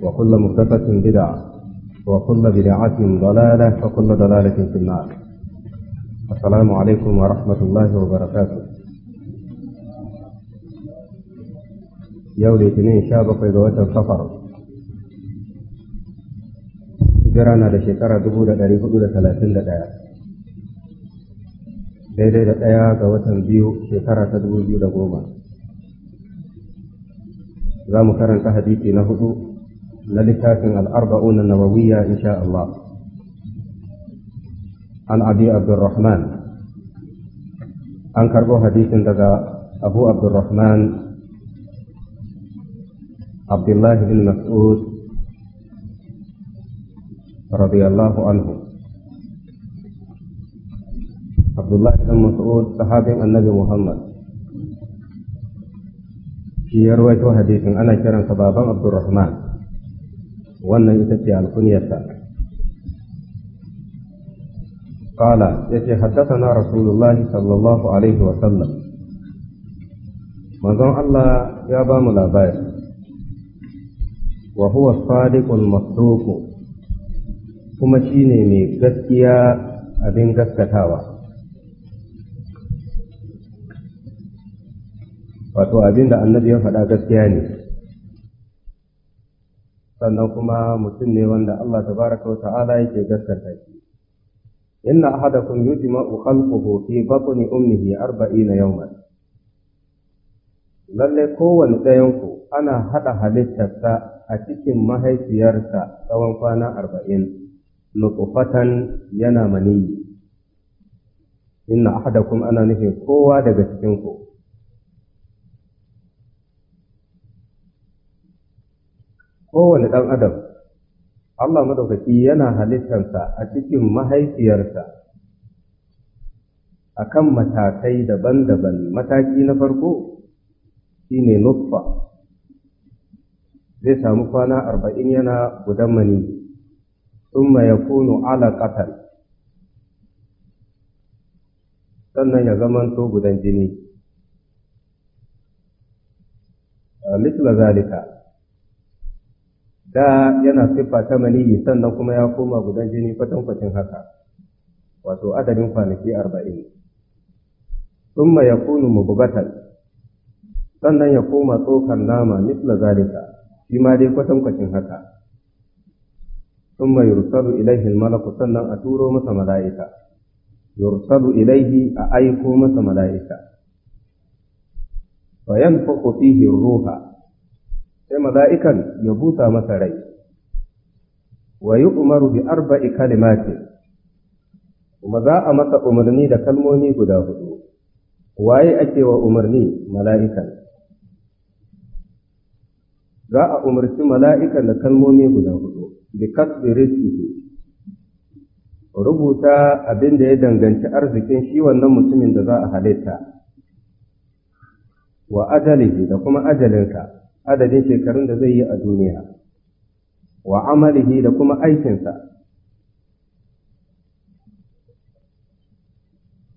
وكل محدثة بدعة وكل بدعة ضلالة وكل ضلالة في النار السلام عليكم ورحمة الله وبركاته يوم الاثنين شابق إذا سفر jirana da shekara dubu da ɗari hudu da talatin da ɗaya daidai da ɗaya ga watan biyu shekara ta dubu biyu da goma za mu karanta hadisi na hudu للتاسم الأربعون النووية إن شاء الله عن أبي عبد الرحمن عن كربو حديث دقا أبو عبد الرحمن عبد الله بن مسعود رضي الله عنه عبد الله بن مسعود صحابي النبي محمد في رواية حديث أنا كرم صبابا عبد الرحمن wannan ita ce ya ce yace haddathana rasulullah sallallahu alaihi wa sallam manzon Allah ya ba mu labari wa huwa sadiqul masduq kuma shine mai gaskiya abin gaskatawa wato abin da annabi ya faɗa gaskiya ne sannan kuma mutum ne wanda Allah tabaraka wa ta'ala yake gaskata shi inna ahadakum yujma'u khalquhu fi batni ummihi 40 yawman lalle kowanne ɗayan ku ana hada halittarsa a cikin mahaifiyarsa tsawon kwana 40 nutfatan yana maniyi inna ahadakum ana nufin kowa daga cikin ku kowane ɗan adam Allah madaukaki yana halittarsa a cikin mahaifiyarsa a kan matakai daban-daban mataki na farko shine Nufa, zai samu kwana arba'in yana gudan mani kunu ala alaqatan sannan ya zamanto gudan jini misla zalika da yana siffa ta maniyi sannan kuma ya koma gudan jini kwatankwacin haka wato adadin kwanaki arba'in ma ya kunu mubugatan sannan ya koma tsokar nama nisla zalika shi ma dai kwatankwacin haka summa yursalu ilaihi malaku sannan a turo masa mala'ika yursalu ilaihi a aiko masa mala'ika fa yanfukhu fihi ruha sai mala'ikan ya busa masa rai wa yi umaru bi arba'i kalimatin kuma za a masa umarni da kalmomi guda hudu waye ake wa umarni mala'ikan za a umarci mala'ikan da kalmomi guda hudu bi kasbi riski rubuta abin da ya danganci arzikin shi wannan mutumin da za a halitta wa ajali da kuma ajalinka. adadin shekarun da zai yi a duniya wa amalihi da kuma aikinsa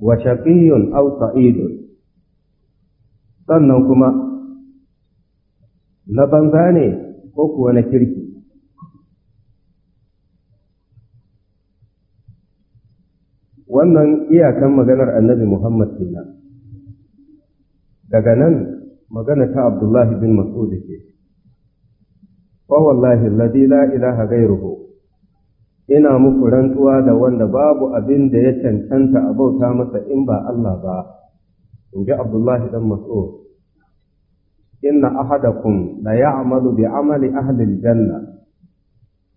wa shaqiyun aw sa'idun sannan kuma na banza ne ko kuwa na kirki wannan iyakan maganar annabi Muhammad kenan daga nan magana ta Abdullahi bin Mas'ud ke. Wa wallahi alladhi la ilaha ghayruhu ina muku rantsuwa da wanda babu abin da ya cancanta a bauta masa in ba Allah ba in ji Abdullahi dan Mas'ud inna ahadakum la ya'malu bi amali ahli janna.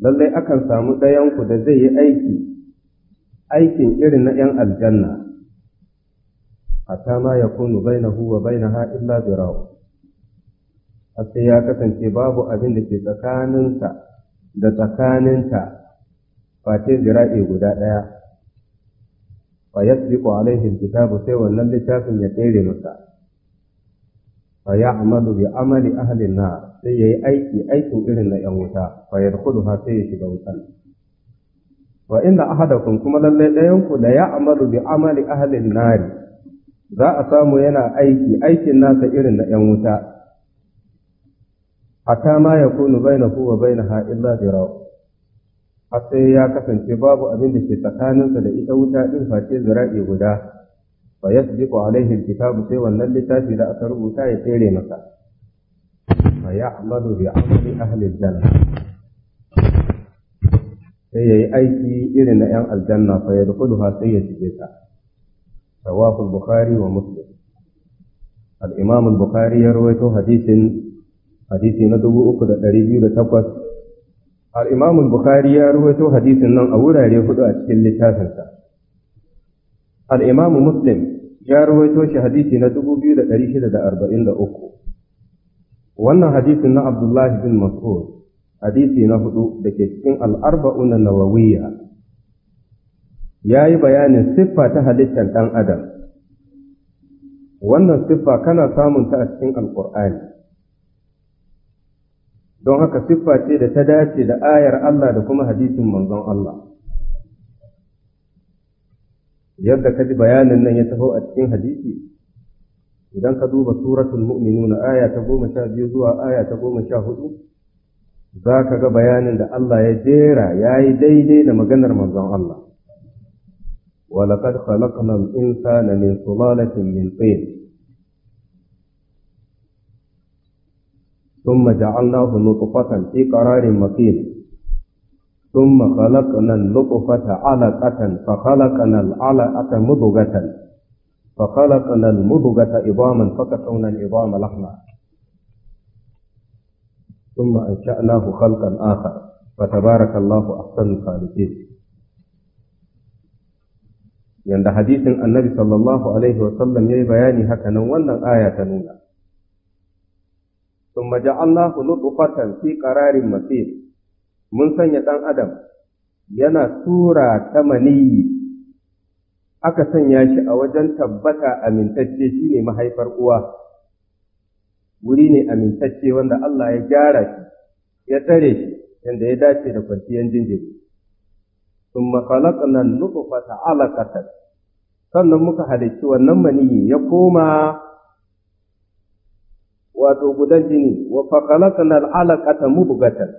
lallai akan samu ɗayanku da zai yi aiki aikin irin na ‘yan aljanna hatta ma yakunu bainahu wa bainaha illa zira'u sai ya kasance babu abin da ke tsakaninsa da tsakaninta face zira'i guda ɗaya fa yasbiqu alaihi kitabu sai wannan littafin ya tsere masa fa ya'malu bi amali ahli na, sai yayi aiki aikin irin na yan wuta fa yadkhuluha sai ya shiga wutan wa inna ahadakum kuma lalle ɗayan da ya ya'malu bi amali ahli nar za a samu yana aiki aikin nasa irin na ‘yan wuta hatta ma ya kunu bai na kuwa bai na ha’in zira'u har ya kasance babu abin da ke tsakaninsa da ita wuta ɗin face zira'i guda fa yasbiqu alaihi alkitabu sai wannan littafi da aka rubuta ya tsere masa ya amalu bi amali halin jana. sai ya yi aiki irin na ‘yan aljanna fa ha sai ya shige ta رواه البخاري ومسلم الإمام البخاري يروي حديث حديث ندبو أكد أريبي لتقوى الإمام البخاري يروي حديث نن أولا يفضل أشكل لتافنسا الإمام مسلم ya rawaito shi hadisi na 2643 wannan hadisin na Abdullah bin Mas'ud hadisi na hudu da ke cikin al-arba'un an-nawawiyya ya yi bayanin siffa ta halittar ɗan adam wannan siffa kana samun ta a cikin alkur'ani don haka siffa ce da ta dace da ayar Allah da kuma hadisin manzon Allah yadda ka ji bayanin nan ya taho a cikin hadisi idan ka duba suratul mu'minuna aya ta goma sha biyu zuwa aya ta goma sha hudu za ka ga bayanin da Allah ya jera ya yi daidai da maganar manzon Allah ولقد خلقنا الإنسان من سلالة من طين ثم جعلناه نطفة في قرار مكين ثم خلقنا اللطفة علقة فخلقنا العلقة مضغة فخلقنا المضغة عظاما فكسونا العظام لحما ثم أنشأناه خلقا آخر فتبارك الله أحسن الخالقين yanda hadisin annabi sallallahu alaihi wasallam ya yi bayani nan, wannan aya ta nuna ثم جعلناه نطفة fi قرار masir, mun sanya ɗan adam yana tura ta maniyi aka sanya shi a wajen tabbata amintacce shi mahaifar uwa wuri ne amintacce wanda Allah ya gyara shi ya tsare shi yadda ya dace da kwanciyar jinjiri ثم خلقنا النطفة علقة sannan muka halicci wannan maniyi ya koma wato gudan jini wa fakhalaqna al'alaqata mubghatan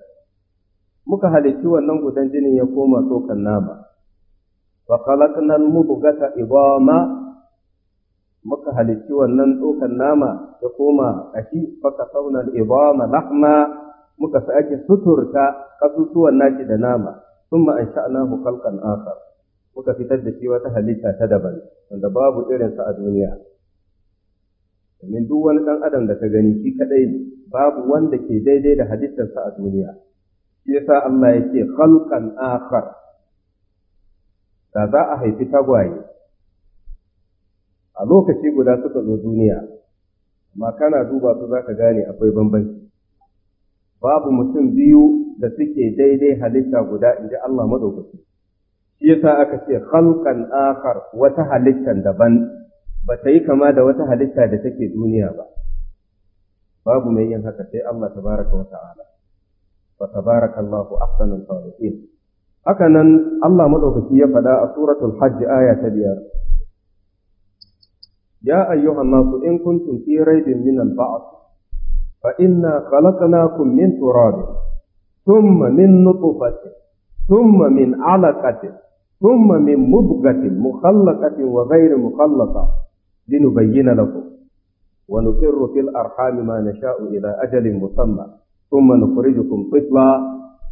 muka halicci wannan gudan jinin ya koma tsokan nama wa khalaqna al-mubghata idama muka halicci wannan tsokan nama ya koma kashi fa kasawna al-idama lahma muka sake suturta kasusuwan nashi da nama thumma ansha'nahu khalqan akhar muka fitar da shi wata halitta ta daban wanda babu irinsa a duniya domin duk wani ɗan adam da ka gani shi kadai babu wanda ke daidai da halittarsa a duniya shi yasa Allah ya ce khalqan akhar da za a haifi tagwaye a lokaci guda suka zo duniya amma kana duba su zaka gane akwai bambanci babu mutum biyu da suke daidai halitta guda inji Allah madaukaki shi yasa aka ce khalqan akhar wata halittan daban ba ta yi kama da wata halitta da take duniya ba babu mai yin haka sai Allah tabaraka wa ta'ala wa tabarakallahu ahsanul khaliqin haka nan Allah madaukaki ya faɗa a suratul hajj aya ta biyar ya ayyuhan nasu in kuntum fi raibin min al-ba'th fa inna khalaqnakum min turabin thumma min nutfatin ثم من علقة ثم من مبغة مخلقة وغير مخلقة لنبين لكم ونقر في الأرحام ما نشاء إلى أجل مسمى ثم نخرجكم طفلا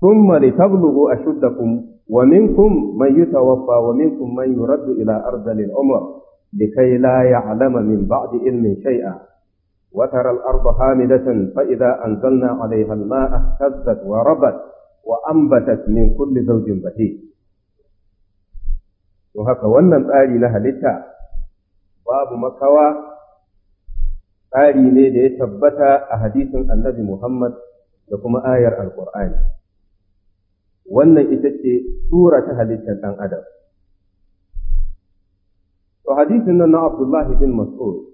ثم لتبلغوا أشدكم ومنكم من يتوفى ومنكم من يرد إلى أرض العمر لكي لا يعلم من بعد علم شيئا وترى الأرض هامدة فإذا أنزلنا عليها الماء اهتزت وربت وأنبتت من كل زوج بهيج don haka wannan tsari na halitta babu makawa tsari ne da ya tabbata a hadisin annabi Muhammad da kuma ayar alƙur'ani wannan ita ce tura ta halittar ɗan adam to hadisin nan na Abdullahi bin Mas'ud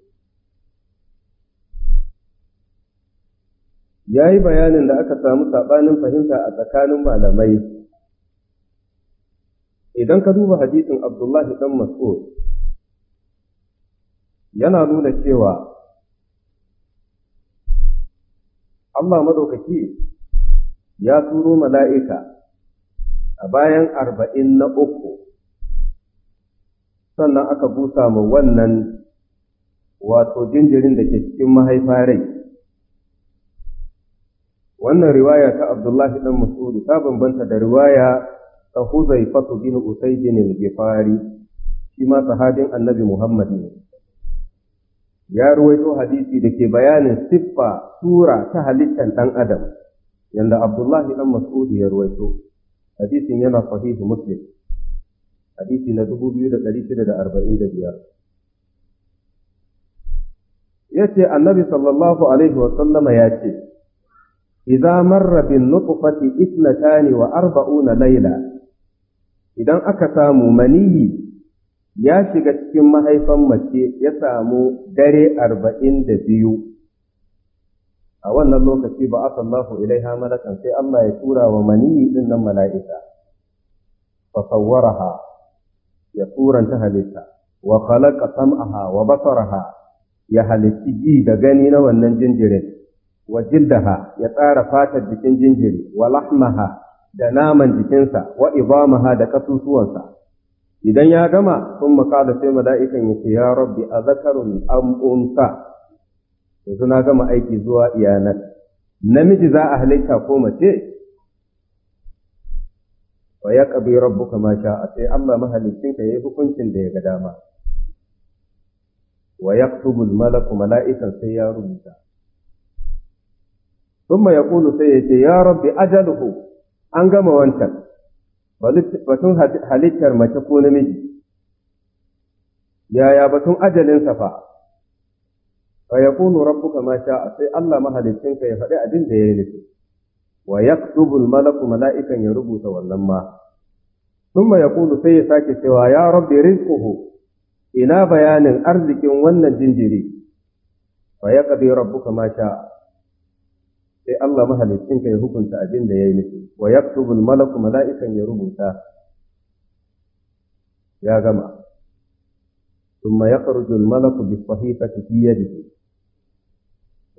ya yi bayanin da aka samu saɓanin fahimta a tsakanin malamai idan ka duba hadisin abdullahi dan mas'ud yana nuna cewa Allah madaukaki ya turo mala'ika a bayan arba'in na uku sannan aka busa mu wannan wato jinjirin da ke cikin mahaifa rai wannan riwaya ta abdullahi dan mas'ud ta bambanta da riwaya ta Huzaifatu bin Usaydin al-Ghifari shi ma sahabin Annabi Muhammad ne ya ruwaito hadisi da ke bayanin siffa tura ta halittar ɗan adam yadda Abdullahi dan Mas'ud ya ruwaito hadisin yana sahihu Muslim hadisi na dubu biyu da da da arba'in biyar. Ya ce annabi sallallahu alaihi wa sallama yace idza marra bin nutfati ithnatani wa arba'una layla idan aka samu maniyi ya shiga cikin mahaifan mace ya samu dare arba'in da biyu a wannan lokaci ba aka Allahu ilaiha malakan sai Allah ya tura wa maniyi din nan mala'ika fa sawwaraha ya turanta halitta wa khalaqa sam'aha wa basaraha ya halitti ji da gani na wannan jinjirin wa jildaha ya tsara fatar jikin jinjiri wa lahmaha da naman jikinsa wa idamaha da kasusuwansa idan ya gama sun makala sai mala'ikan ya ce ya rabbi a zakarun am'unsa yanzu na gama aiki zuwa iyanar namiji za a halitta ko mace wa ya ƙabi rabbuka ma sha a sai Allah mahalicinka ya yi hukuncin da ya ga dama wa ya malaku mala'ikan sai ya rubuta ثم يقول سيدي يا رب أجله an gama wancan batun halittar mace ko namiji yaya batun ajalinsa fa fa yaqulu rabbuka ma sha'a sai Allah ka ya faɗi abin da ya yi nufi wa yaktubu malaku mala'ikan ya rubuta wannan ma thumma yaqulu sai ya sake cewa ya rabbi rizquhu ina bayanin arzikin wannan jinjiri fa yaqdi rabbuka ma sha'a sai Allah mahalicin ka ya hukunta abin da ya yi nufi wa yaktubul malaku mala'ikan ya rubuta ya gama ثم يخرج الملك بالصحيفة في يده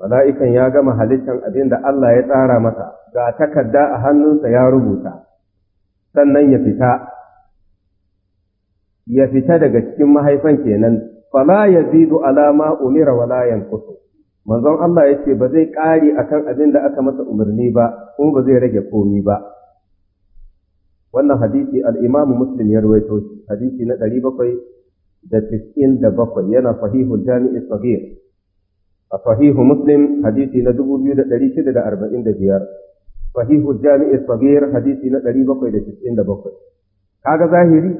mala'ikan ya gama halittan abin da Allah ya tsara masa ga takarda a hannunsa ya rubuta sannan ya fita ya fita daga cikin mahaifan kenan fala yazidu alama ma umira wala yanqusu manzon Allah ya ce ba zai ƙare kan abin da aka masa umarni ba kuma ba zai rage komi ba wannan hadisi al-Imam Muslim ya rawaito shi hadisi na bakwai yana sahihul jami'i sahih a sahihu Muslim hadisi na dubu biyu da da da shida arba'in biyar, صحيح الجامع الصغير حديثي na ɗari bakwai da da 797 kaga zahiri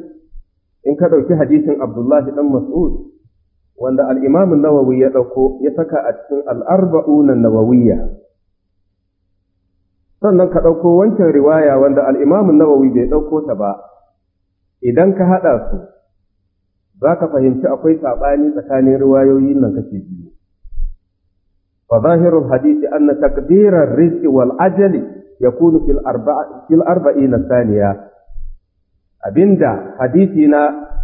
in ka ɗauki hadisin Abdullahi dan Mas'ud wanda al'imamun nawawi ya ɗauko ya saka a cikin al'arba'unan nawawiyya sannan ka ɗauko wancan riwaya wanda al'imamun nawawi bai ɗauko ta ba idan ka haɗa su za ka fahimci akwai saɓani tsakanin riwayoyin nan kashe biyu fa zahirul hadisi anna takdirar rizqi wal ajali yakunu fil arba'ina saniya abinda hadisi na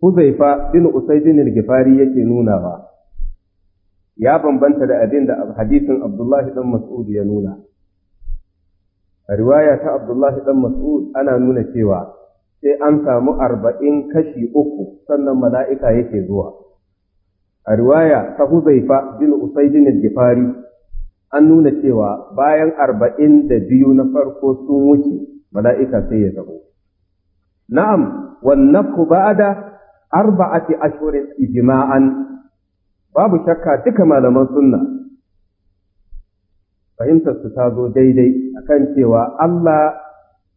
Huzaifa bin Usaidin al-Gifari yake nunawa ya bambanta da abin da hadisin Abdullahi Ɗan Mas'ud ya nuna a riwaya ta Abdullahi Ɗan Mas'ud ana nuna cewa sai an samu arba'in kashi uku sannan mala'ika yake zuwa a riwaya ta Huzaifa bin Usaidin al-Gifari an nuna cewa bayan arba'in da biyu na farko sun wuce mala'ika sai ya zamo na'am wannan ku ba'ada arba'ati ashurin ijima'an babu shakka duka malaman sunna Fahimtarsu ta zo daidai akan cewa Allah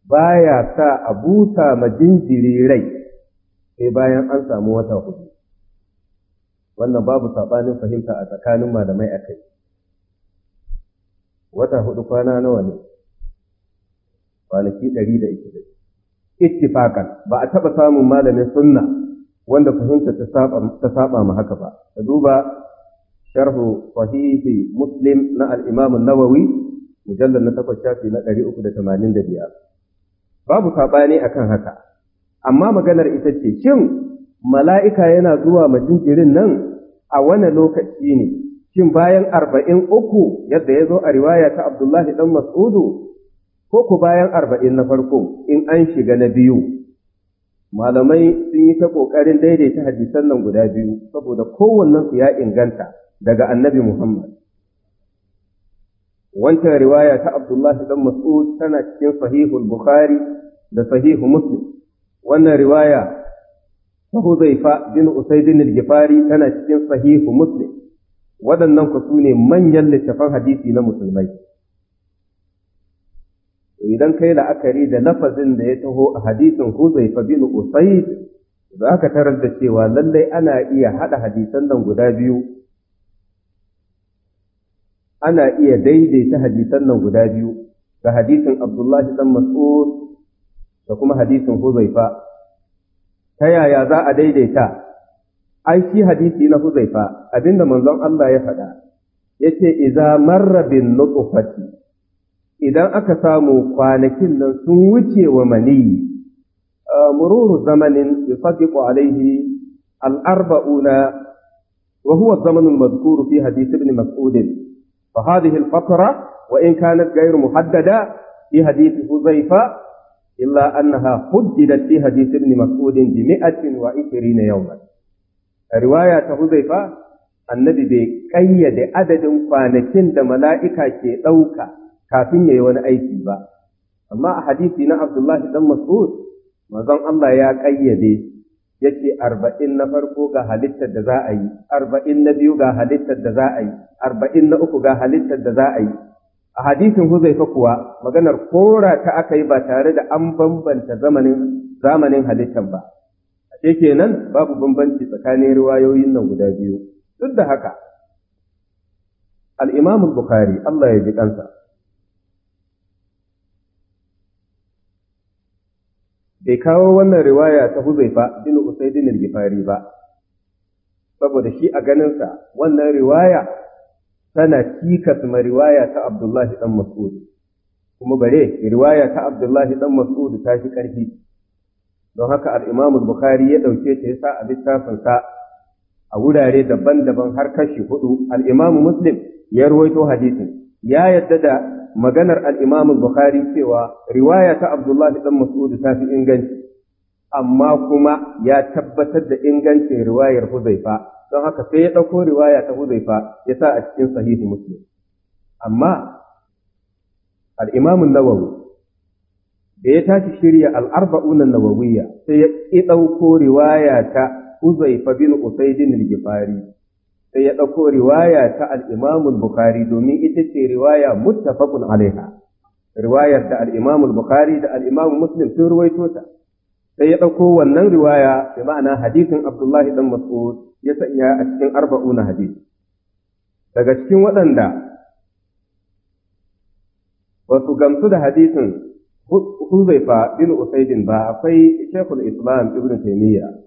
baya sa a busa ma jinjiri rai sai bayan an samu wata hudu wannan babu saɓanin fahimta a tsakanin malamai a kai. wata hudu kwana nawa ne kwanaki ɗari da ishirin ittifakan ba a taɓa samun malamin sunna wanda fahimta ta saba ma haka ba ka duba sharhu sahihi muslim na al-imam an-nawawi mujallal na takwas shafi na 385 babu sabani akan haka amma maganar ita ce shin mala'ika yana zuwa ma nan a wani lokaci ne shin bayan arba'in uku yadda ya zo a riwaya ta abdullahi dan mas'udu ko ku bayan arba'in na farko in an shiga na biyu malamai sun yi ta ƙoƙarin daidaita hadisan nan guda biyu saboda su ya inganta daga annabi Muhammad. Wancan riwaya ta Abdullahi dan Mas'ud tana cikin sahihul Bukhari da sahihu Muslim. Wannan riwaya ta Huzaifa bin Usaidin al-Gifari tana cikin sahihu Muslim. Waɗannan ku su manyan littafan hadisi na musulmai. idan kai la'akari da lafazin da ya taho a hadisin Huzaifa bin Usayd za ka tarar da cewa lallai ana iya haɗa hadisan nan guda biyu ana iya daidaita hadisan nan guda biyu da hadisin Abdullahi dan Mas'ud da kuma hadisin Huzaifa ta yaya za a daidaita ai shi hadisi na Huzaifa abinda manzon Allah ya faɗa yace idza marra bin nutfati idan aka samu kwanakin nan sun wuce wa maniyi mururu zamanin yusaddiqu alaihi al-arba'una wa huwa az fi hadith ibn mas'ud fa hadhihi al-fatra wa in kanat ghayr muhaddada fi hadisi huzaifa illa annaha huddidat fi hadith ibn mas'ud bi 120 yawman riwaya ta huzaifa annabi bai kayyade adadin kwanakin da mala'ika ke ɗauka kafin ya yi wani aiki ba amma a hadisi na abdullahi dan mas'ud manzon Allah ya ƙayyade yake arba'in na farko ga halittar da za a yi arba'in na biyu ga halittar da za a yi arba'in na uku ga halittar da za a yi a hadisin huzaifa kuwa maganar kora ta aka yi ba tare da an bambanta zamanin zamanin halittar ba ashe kenan babu bambanci tsakanin riwayoyin nan guda biyu duk da haka al-imam bukhari Allah ya ji kansa bai kawo wannan riwaya ta Huzaifa dinu usai al-Gifari ba saboda shi a ganinsa wannan riwaya tana cikas ma riwaya ta Abdullahi dan Mas'ud kuma bare riwaya ta Abdullahi dan Mas'ud ta shi karfi don haka al-Imam Bukhari ya dauke ta yasa a littafin sa a wurare daban-daban har kashi hudu al-Imam Muslim ya ruwaito hadisin ya yadda da maganar al bukhari cewa riwaya ta Abdullahi dan Mas'ud ta fi inganci amma kuma ya tabbatar da ingancin riwayar Huzaifa don haka sai ya ɗauko riwaya ta Huzaifa ya sa a cikin sahihi Muslim amma al-Imam nawawi da ya tashi shirya al-arba'un an-nawawiyya sai ya ɗauko riwaya ta Huzaifa bin Usayd al sai ya ɗauko riwaya ta al'imamu Bukhari domin ita ce riwaya muttafaqun alaiha riwayar da al'imamu Bukhari da al'imamu Muslim sun ruwaito ta sai ya ɗauko wannan riwaya da ma'ana hadisin Abdullahi dan Mas'ud ya sanya a cikin arba'una hadisi daga cikin waɗanda ba su gamsu da hadisin Huzaifa bin Usaidin ba akwai Sheikhul Islam Ibn Taymiyyah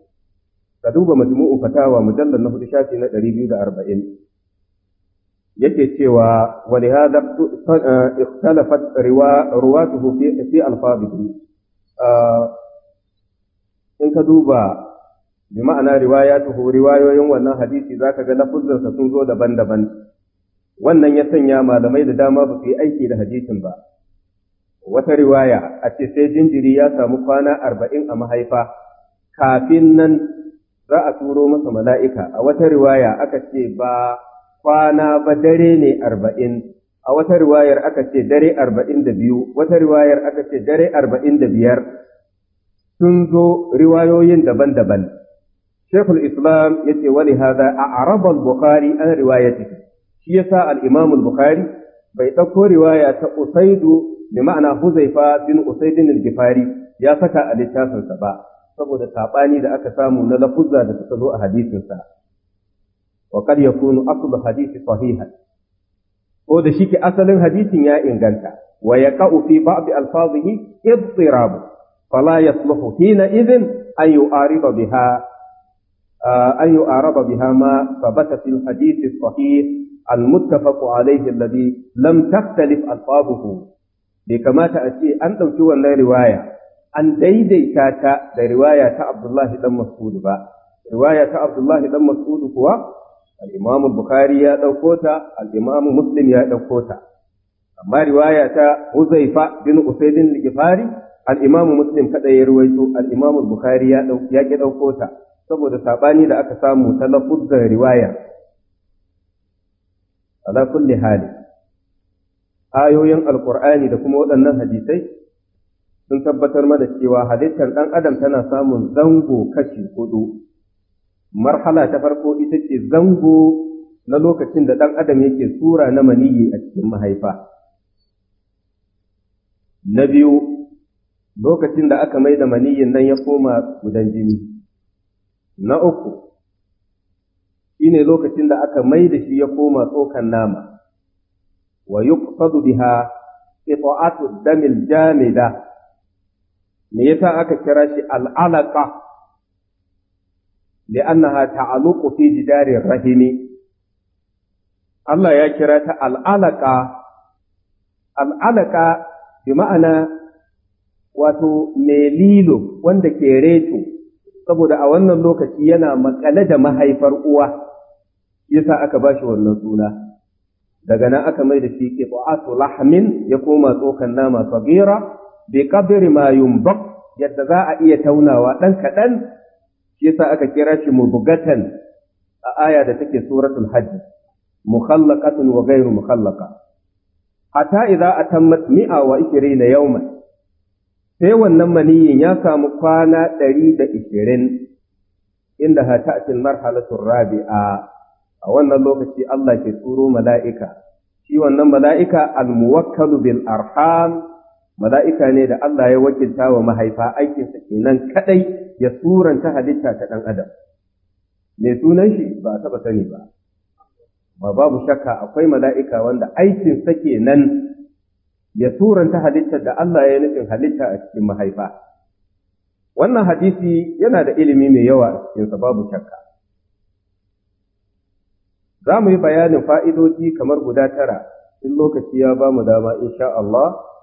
ka duba majmu'u fatawa mujallal na hudu shafi na 240 yake cewa wa hada eh, ikhtalafat ruwatuhu fi fi ah, in ka duba bi ma'ana riwayatuhu riwayoyin wannan hadisi zaka ga lafuzzansa sun zo daban-daban wannan ya sanya malamai da dama ba su yi aiki da hadisin ba wata riwaya a ce sai jinjiri ya samu kwana arba'in a mahaifa kafin nan za a turo masa mala'ika a wata riwaya aka ce ba kwana ba dare ne arba'in a wata riwayar aka ce dare arba'in da biyu wata riwayar aka ce dare arba'in da biyar sun zo riwayoyin daban-daban shekul islam ya ce wani haza a arabar bukhari an riwayati shi yasa al'imamul bukhari bai ɗauko riwaya ta usaidu bi ma'ana huzaifa bin usaidin al-gifari ya saka a littafinsa ba saboda saɓani da aka samu na lafuzza da suka zo a hadisinsa wa kad yakunu aslu hadisi sahihan ko da shike asalin hadisin ya inganta wa yaqa'u fi ba'd alfazihi idtirab fala yasluhu hina idhin an yu'arida biha an yu'arada biha ma thabata fil hadisi sahih المتفق عليه الذي لم تختلف ألفاظه bai kamata a ce an ɗauki wannan riwaya an daidaita ta da riwaya ta Abdullahi dan Mas'ud ba riwaya ta Abdullahi dan Mas'ud kuwa al-Imam Bukhari ya dauko ta al-Imam Muslim ya dauko ta amma riwaya ta Huzaifa bin Usaydin al-Ghifari al-Imam Muslim kada ya ruwaito al-Imam Bukhari ya ya ki dauko ta saboda sabani da aka samu ta lafuzzar riwaya ala kulli hali ayoyin alqur'ani da kuma waɗannan hadisai sun tabbatar mana cewa halittar ɗan adam tana samun zango kashi hudu marhala ta farko ita ce zango na lokacin da ɗan adam yake sura na maniyyi a cikin mahaifa na biyu lokacin da aka mai da maniyyin nan ya koma gudan jini na uku shine lokacin da aka mai da shi ya koma tsokan nama wa yuqsadu biha qita'atu damil jamida me yasa aka kira shi al'alaqa annaha ta'aluqu fi jidarir rahimi Allah ya kira ta al'alaqa al'alaqa bi ma'ana wato mai wanda ke reto saboda a wannan lokaci yana makale da mahaifar uwa yasa aka bashi wannan suna daga nan aka mai da shi qita'atu lahmin ya koma tsokan nama sagira bi qadri ma yumbaq yadda za a iya taunawa dan kadan shi yasa aka kira shi mubgatan a aya da take suratul hajj mukhallaqatun wa ghayru mukhallaqa hatta idza atammat mi'a yawman sai wannan maniyin ya samu kwana ɗari da ishirin inda hata'atin marhalatul rabi'a a wannan lokaci Allah ke turo mala'ika shi wannan mala'ika al-muwakkalu bil arham mala'ika ne da Allah ya wakilta wa mahaifa aikinsa kenan kaɗai ya suranta halitta ta ɗan adam Me sunan shi ba a taɓa sani ba ba babu shakka akwai mala'ika wanda aikinsa kenan ya suranta halitta da Allah ya nufin halitta a cikin mahaifa wannan hadisi yana da ilimi mai yawa a cikinsa babu shakka za mu yi bayanin fa'idodi kamar guda tara in lokaci ya ba mu dama insha Allah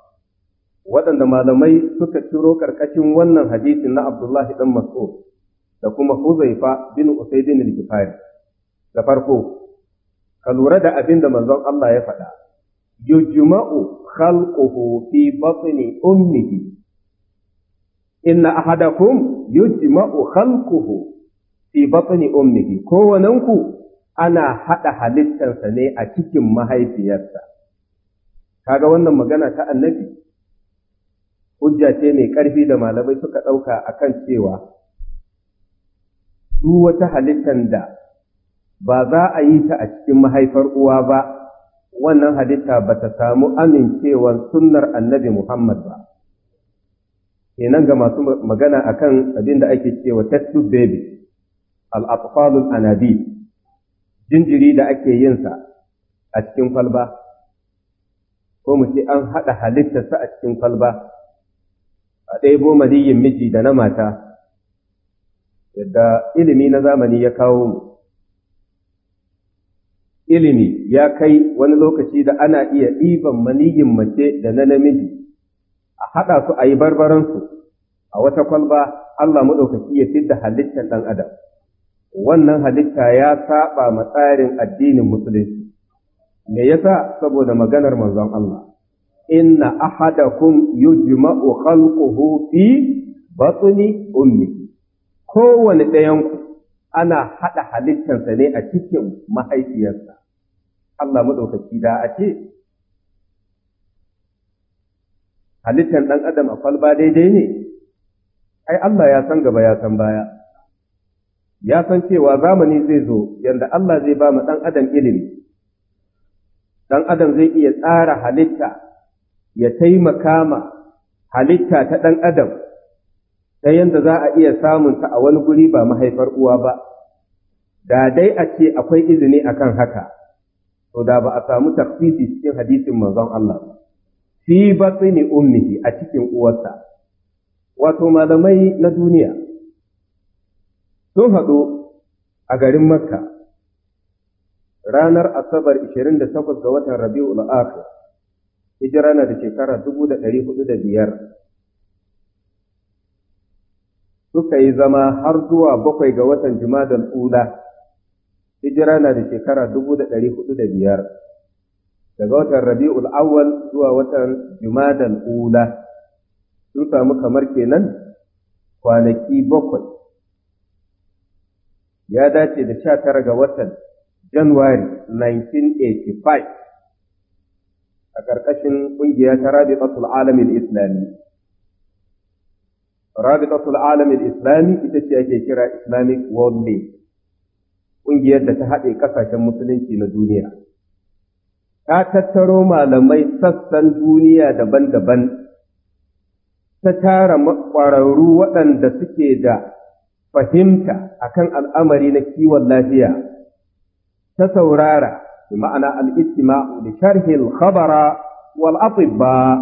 waɗanda malamai suka ciro ƙarƙashin wannan hadisin na Abdullahi ɗan Mas'ud da kuma Huzaifa bin Usaidin al-Gifari. Da farko, ka lura da abin da manzon Allah ya faɗa, yujma'u khalquhu fi batni ummihi inna ahadakum yujma'u khalquhu fi batni ummihi kowananku ana haɗa halittarsa ne a cikin mahaifiyarsa kaga wannan magana ta annabi hujja ce mai ƙarfi da malamai suka ɗauka akan cewa duk wata halittar da ba za a yi ta a cikin mahaifar uwa ba wannan halitta ba ta samu amincewar sunnar annabi Muhammad ba. Kenan ga masu magana akan abin da ake cewa test tube baby, al'afalul anabi, jinjiri da ake yinsa a cikin kwalba, ko mu ce an haɗa halittarsa a cikin kwalba, a ɗebo maniyin miji da na mata yadda ilimi na zamani ya kawo mu ilimi ya kai wani lokaci da ana iya ɗiban maniyin mace da na namiji a haɗa su a yi barbaransu a wata kwalba Allah maɗaukaki ya fidda halittar ɗan adam wannan halitta ya saɓa ma addinin musulunci me sa saboda maganar manzon Allah inna أحدكم يجمع خلقه fi بطن ummi كو ɗayanku ana haɗa halittarsa ne a cikin mahaifiyarsa Allah الله da a أتي halittar ɗan adam a بادي daidai ne ai Allah ya san gaba ya san baya ya cewa zamani zai zo yanda Allah zai ba mu ɗan adam ilimi ɗan adam zai iya tsara halitta ya taimaka ma halitta ta ɗan adam ta yadda za a iya samunta a wani guri ba mahaifar uwa ba da dai a ce akwai izini a kan haka to da ba a samu tafsiri cikin hadisin manzon Allah ba batsi ne ummihi a cikin uwarsa wato malamai na duniya sun haɗu a garin makka ranar asabar 28 ga watan rabi'ul akhir hijira na da shekara dubu da ɗari hudu da biyar suka yi zama har zuwa bakwai ga watan jumadal ula hijira na da shekara dubu da ɗari hudu da biyar daga watan rabi'ul awwal zuwa watan jumadal ula sun samu kamar kenan kwanaki bakwai ya dace da sha tara ga watan Januwari 1985 a ƙarƙashin ƙungiya ta Rabitatul Alamin Islami. Rabitatul Alamin Islami ita ce ake kira Islamic World League, ƙungiyar da ta haɗe ƙasashen musulunci na duniya. Ta tattaro malamai sassan duniya daban-daban, ta tara ƙwararru waɗanda suke da fahimta akan al'amari na kiwon lafiya, ta saurara بمعنى الاستماع لشرح الخبر والأطباء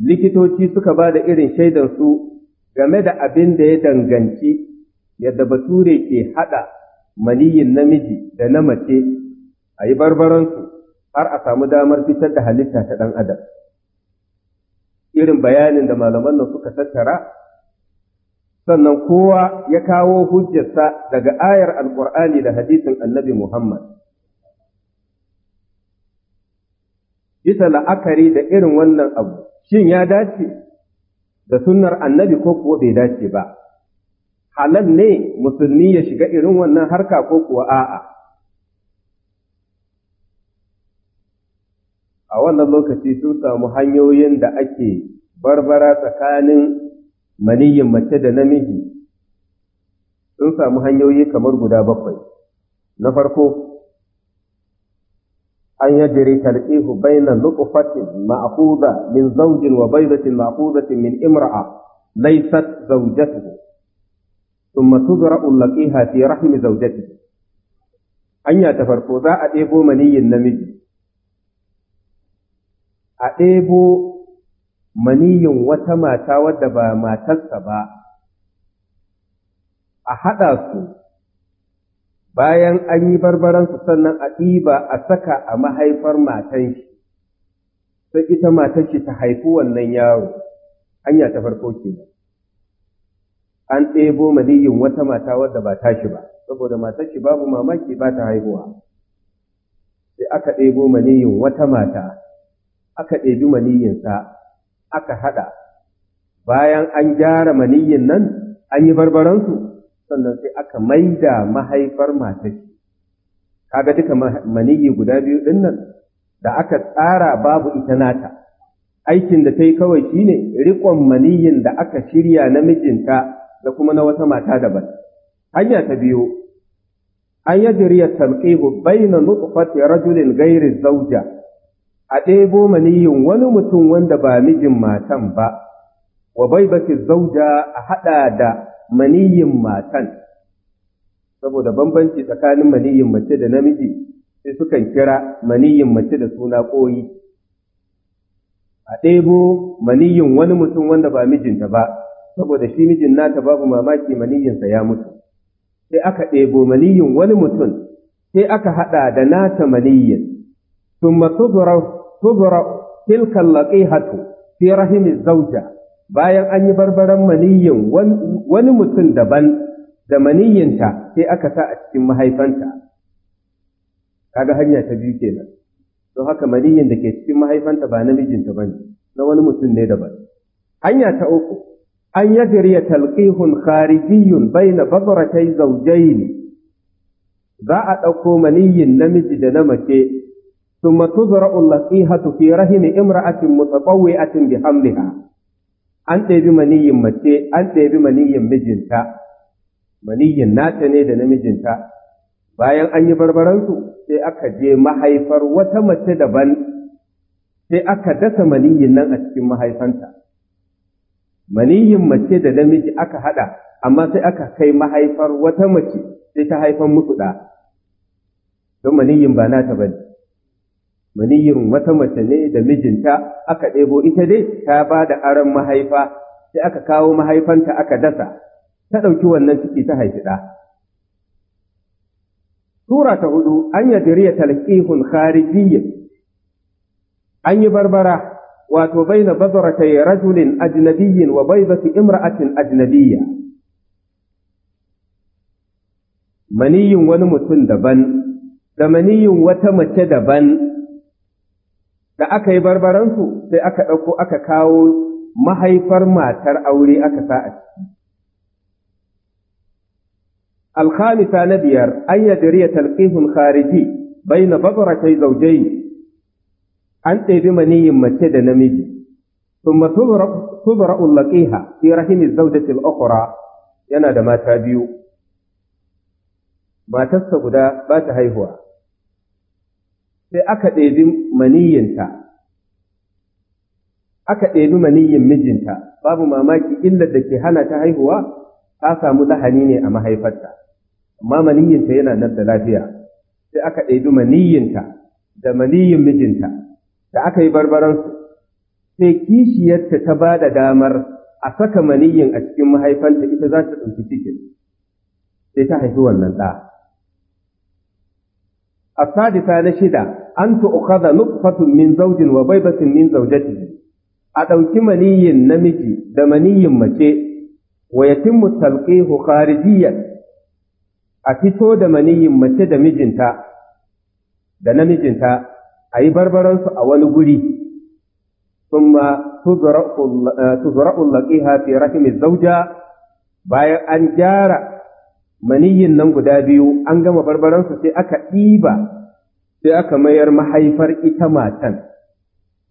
likitoci suka ba da irin shaidarsu game da abin da ya danganci yadda bature ke haɗa maniyin namiji da na mace a yi barbaransu har a samu damar fitar da halitta ta ɗan adam irin bayanin da malaman nan suka tattara sannan kowa ya kawo hujjarsa daga ayar alkur'ani da hadisin annabi Muhammad. Bisa la'akari da irin wannan abu, shin ya dace da sunnar annabi ko kuwa bai dace ba, halal ne musulmi ya shiga irin wannan harka ko kuwa a'a. A wannan lokaci sun samu hanyoyin da ake barbara tsakanin maniyin mace da namiji sun samu hanyoyi kamar guda bakwai na farko an yajri talqihu bayna nutfatin ma'khudha min zawjin wa baydatin ma'khudhatin min imra'a laysat zawjatuhu ثم تزرع اللقيها في رحم زوجته hanya ta farko za a ɗebo maniyin namiji a ɗebo maniyin wata mata wadda ba matarsa ba a haɗa su bayan an yi barbaransu sannan a ɗiba a saka a mahaifar matan shi sai ita matan shi ta haifi wannan yaro hanya ta farko ke. an ɗebo maniyin wata mata wadda ba tashi ba saboda matar shi babu mamaki ba ta haihuwa sai aka ɗebo maniyin wata mata aka ɗebi maniyinsa aka haɗa bayan an gyara maniyyin nan an yi barbaransu sannan sai aka maida mahaifar matar kaga duka maniyyi guda biyu ɗin nan da aka tsara babu ita nata aikin da ta yi kawai shine riƙon maniyyin da aka shirya na mijinta da kuma na wata mata daban hanya ta biyu an yajriya talqihu na nutfati rajulin ghairi zauja. a ɗebo maniyin wani mutum wanda ba mijin matan ba, wa baki zauja a haɗa da maniyin matan, saboda bambanci tsakanin maniyin mace da namiji sai sukan kira maniyin mace da suna ƙoyi. A ɗebo maniyin wani mutum wanda ba mijinta ba, saboda shi mijin nata babu mamaki maniyinsa ya mutu. Sai aka ɗebo maniyin wani mutum, sai aka haɗa da nata maniyin. masu تضرب tubra tilka laqihatu fi rahimi zauja bayan an yi barbaran maniyyin wani mutum daban da maniyyinta sai aka sa a cikin mahaifanta kaga hanya ta biyu kenan don haka maniyyin da ke cikin mahaifanta ba namijinta bane na wani mutum ne daban hanya ta uku an yajriya talqihun kharijiyyun baina babratai zawjayn za a ɗauko maniyyin namiji da na mace ثم تزرع النصيحة في رهن امرأة متطوعة بحملها an ɗebi maniyin mace an ɗebi مني mijinta maniyin nata ne da namijinta bayan an yi barbaransu sai aka je mahaifar wata mace daban sai aka dasa maniyin nan a cikin mahaifanta maniyin mace da namiji aka haɗa amma sai aka kai mahaifar wata mace sai ta haifan musu ɗa don maniyin ba nata ta ne maniyyin wata mace ne da mijinta aka ɗebo ita dai ta ba da aron mahaifa sai aka kawo mahaifanta aka dasa ta ɗauki wannan ciki ta haifi ɗa. Tura ta hudu an yi yadiriya talƙihun kharijiyya an yi barbara wato bai na baina yi rajulin ajinabiyyin wa bai zafi imra'atin ajinabiyya. maniyin wani mutum daban da maniyyin wata mace daban da aka yi barbaransu sai aka ɗauko aka kawo mahaifar matar aure aka sa a ciki. Alkhamisa na biyar, an yadiriya talqihun khariji bai na babaratai zaujai, an ɗebi maniyin mace da namiji, ثم تبرأ اللقيها في rahimi الزوجة الأخرى yana da mata biyu, matarsa guda ba ta haihuwa, sai aka ɗebi maniyyinta aka ɗebi maniyyin mijinta babu mamaki illar da ke hana ta haihuwa ta samu lahani ne a mahaifarta amma maniyyinta yana nan da lafiya sai aka ɗebi maniyyinta da maniyyin mijinta da aka yi barbaransu sai kishiyarta ta ba da damar a saka maniyyin a cikin mahaifanta ita za ta ɗauki cikin sai ta haifi wannan ɗa. A sadisa na shida an tu'khadha nutfatun min zawjin wa baybatun min zawjatihi a ɗauki maniyyin namiji da maniyyin mace wa yatimmu talqihu kharijiyyan a fito da maniyyin mace da mijinta da namijinta a yi barbaransu a wani guri thumma tuzra'u eh, laqiha fi rahmi zawja bayan an gyara maniyyin nan guda biyu an gama barbaransu sai aka ɗiba sai aka mayar mahaifar ita matan,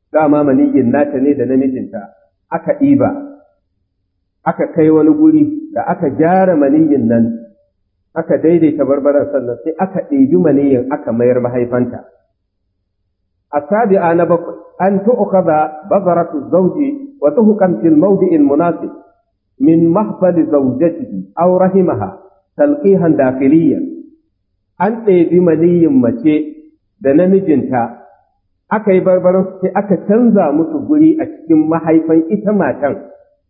dama maniyin nata ne da namijinta aka ɗiba, aka kai wani guri da aka gyara maniyin nan, aka daidaita barbaran sannan sai aka ɗebi maniyin aka mayar mahaifanta. A sabi'a na bakwai, an tu'uka da bazaratu zauji wa tuhukan fil mawdi'in munasib min mahbali zaujatihi aw rahimaha talqihan dakhiliyan an ɗebi maniyin mace da namijinta aka yi barbaran sai aka canza musu guri a cikin mahaifan ita matan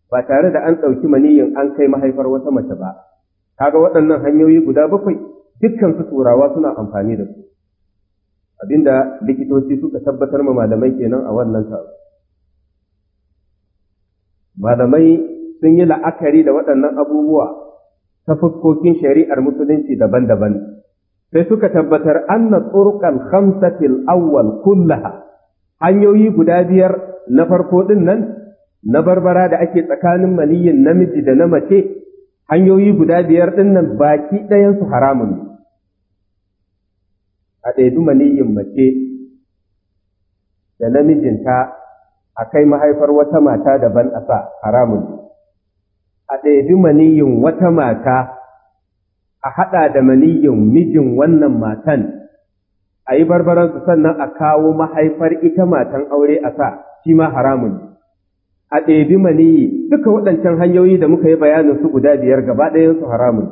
ba tare da an ɗauki maniyin an kai mahaifar wata mace ba kaga waɗannan hanyoyi guda bakwai dukkan su turawa suna amfani da su abinda likitoci suka tabbatar ma malamai kenan a wannan taro malamai sun yi la'akari da waɗannan abubuwa ta fuskokin shari'ar musulunci daban-daban sai suka tabbatar anna turqal khamsatil awwal kullaha hanyoyi guda biyar na farko din nan na barbara da ake tsakanin maniyin namiji da na mace hanyoyi guda biyar din nan baki ɗayan su haramun ne a ɗaibi maniyin mace da namijinta a kai mahaifar wata mata daban a sa haramun ne a ɗaibi maniyin wata mata a haɗa da maniyin mijin wannan matan a yi barbaransu sannan a kawo mahaifar ita matan aure a sa shi ma haramun a ɗebi maniyi duka waɗancan hanyoyi da muka yi bayanin su guda biyar gaba ɗayan su haramun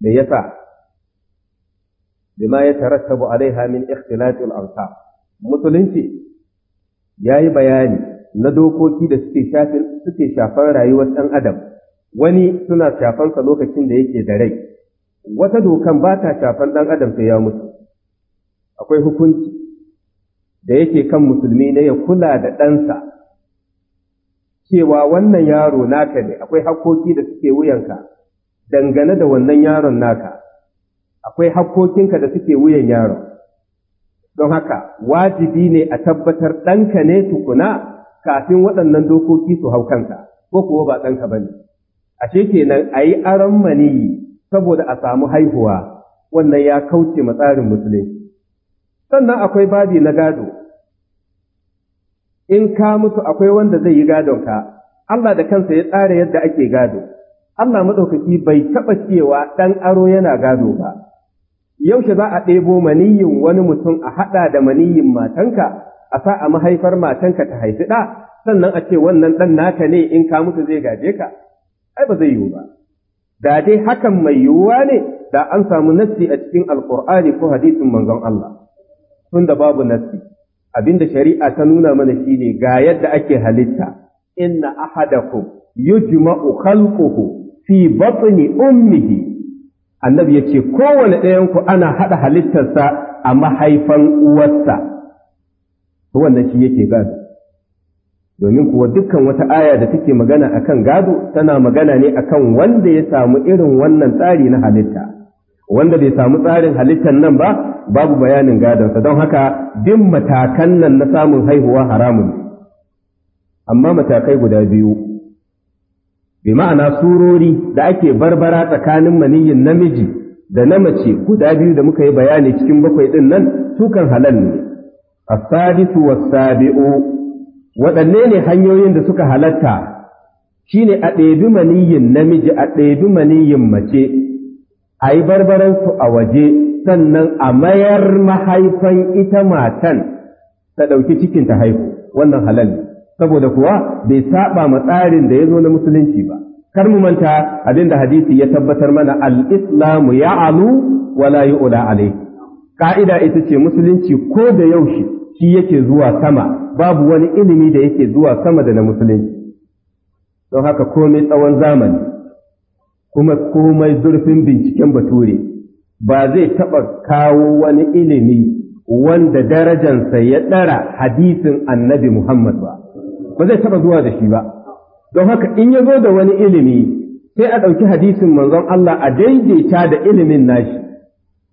me yasa bima ya tarattabu alaiha min ikhtilatil ansab musulunci yayi bayani na dokoki da suke shafin suke shafar rayuwar ɗan adam wani suna shafansa lokacin da yake da rai wata dokan ba ta shafan ɗan adam sai ya mutu akwai hukunci da yake kan musulmi na ya kula da ɗansa cewa wannan yaro naka ne akwai hakkoki da suke wuyanka dangane da wannan yaron naka akwai hakkokinka da suke wuyan yaron don haka wajibi ne a tabbatar ɗanka ne tukuna kafin waɗannan dokoki su hau kanka ko kuwa ba ɗanka ba ne ashe kenan a yi aron maniyi saboda a samu haihuwa wannan ya kauce ma tsarin musulunci sannan akwai babi na gado in ka mutu akwai wanda zai yi gadon ka Allah da kansa ya tsara yadda ake gado Allah maɗaukaki bai taɓa cewa ɗan aro yana gado ba yaushe za a ɗebo maniyin wani mutum a haɗa da maniyin matanka a sa a mahaifar matanka ta haifi ɗa sannan a ce wannan ɗan naka ne in ka mutu zai gaje ka ai ba zai yiwu ba da dai hakan mai yiwuwa ne da an samu nassi a cikin alqur'ani ko hadisin manzon Allah Tun da babu nassi abinda shari'a ta nuna mana shine ga yadda ake halitta inna ahadakum yujma'u khalquhu fi batni ummihi annabi yace kowane ɗayan ku ana hada halittarsa a mahaifan uwarsa wannan shi yake gado domin kuwa dukkan wata aya da take magana akan gado tana magana ne akan wanda ya samu irin wannan tsari na halitta wanda bai samu tsarin halittan nan ba babu bayanin gadonsa don haka bin matakan nan na samun haihuwa haramun amma matakai guda biyu bi ma'ana surori da ake barbara tsakanin maniyin namiji da na mace guda biyu da muka yi bayani cikin bakwai din nan su kan halal ne A sadisu wa sabiu waɗanne ne hanyoyin da suka halatta ne a ɗebi maniyin namiji a ɗebi maniyin mace a yi barbaransu a waje sannan a mayar mahaifan ita matan ta ɗauki cikin ta haihu wannan halal ne saboda kuwa bai saba ma tsarin da ya zo na musulunci ba kar mu manta abin da hadisi ya tabbatar mana al-islamu alu, wa la yu'la alayhi ka'ida ita ce musulunci ko da yaushe shi yake zuwa sama babu wani ilimi da yake zuwa sama da na musulunci don haka komai tsawon zamani kuma komai zurfin binciken bature ba zai taɓa kawo wani ilimi wanda darajansa ya ɗara hadisin annabi Muhammad ba, ba zai taɓa zuwa da shi ba, don haka in ya zo da wani ilimi sai a ɗauki hadisin manzon Allah a daidaita da ilimin nashi,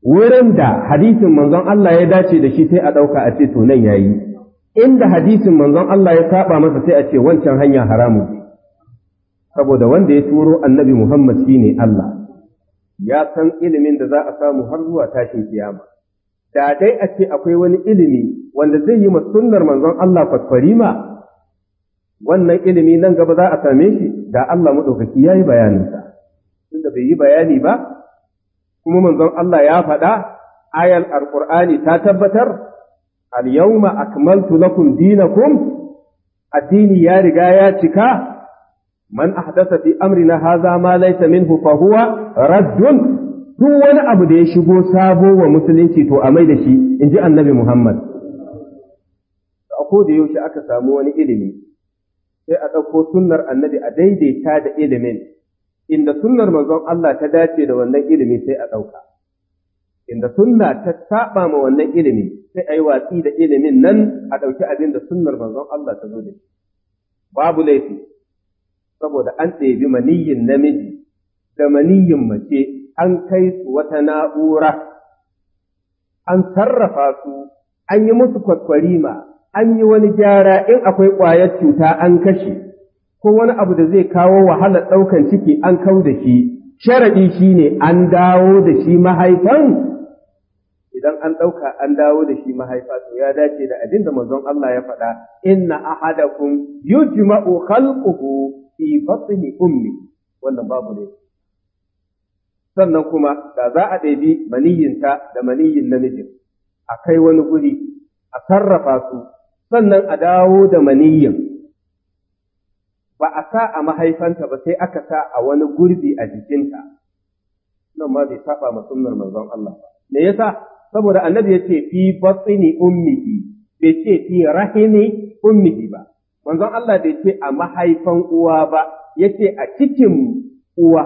wurin da hadisin manzon Allah ya dace da shi sai a ɗauka a ce to nan yayi. inda hadisin manzon Allah ya saba masa sai a ce wancan hanya haramu saboda wanda ya turo annabi Muhammad shine Allah ya san ilimin da za a samu har zuwa tashin kiyama da dai a ce akwai wani ilimi wanda zai yi sunnar manzon Allah kwasfarima wannan ilimi nan gaba za a same shi da Allah maɗaukaki ya yi bayaninsa tunda bai yi bayani ba kuma manzon Allah ya faɗa ayal alƙur'ani ta tabbatar alyauma yawma akmaltu lakum dinakum addini ya riga ya cika man ahdasa fi na haza ma laysa minhu fa raddun duk wani abu da ya shigo sabo wa musulunci to a mai da shi inji annabi Muhammad a ko da yaushe aka samu wani ilimi sai a ɗauko sunnar annabi a daidaita da ilimin inda sunnar manzon Allah ta dace da wannan ilimi sai a ɗauka inda sunna ta saba ma wannan ilimi sai a yi watsi da ilimin nan a ɗauki abin da sunnar manzon Allah ta zo da shi babu laifi saboda an ɗebi maniyyin namiji da maniyyin mace an kai su wata na'ura an sarrafa su an yi musu kwakwarima an yi wani gyara in akwai ƙwayar cuta an kashe ko wani abu da zai kawo wahalar ɗaukan ciki an kau da shi sharaɗi shi ne an dawo da shi mahaifan idan an ɗauka an dawo da shi mahaifa to ya dace da abinda da manzon Allah ya faɗa inna ahadakum yujma'u khalquhu fi batni ummi wannan babu ne sannan kuma da za a ɗebi maniyinta da maniyin namijin a kai wani guri a sarrafa su sannan a dawo da maniyin ba a sa a mahaifanta ba sai aka sa a wani gurbi a jikinta nan ma bai saba ma sunnar manzon Allah ba me yasa saboda annabi ya ce fi batsini ummihi bai ce fi rahini ummihi ba manzon Allah bai ce a mahaifan uwa ba yace a cikin uwa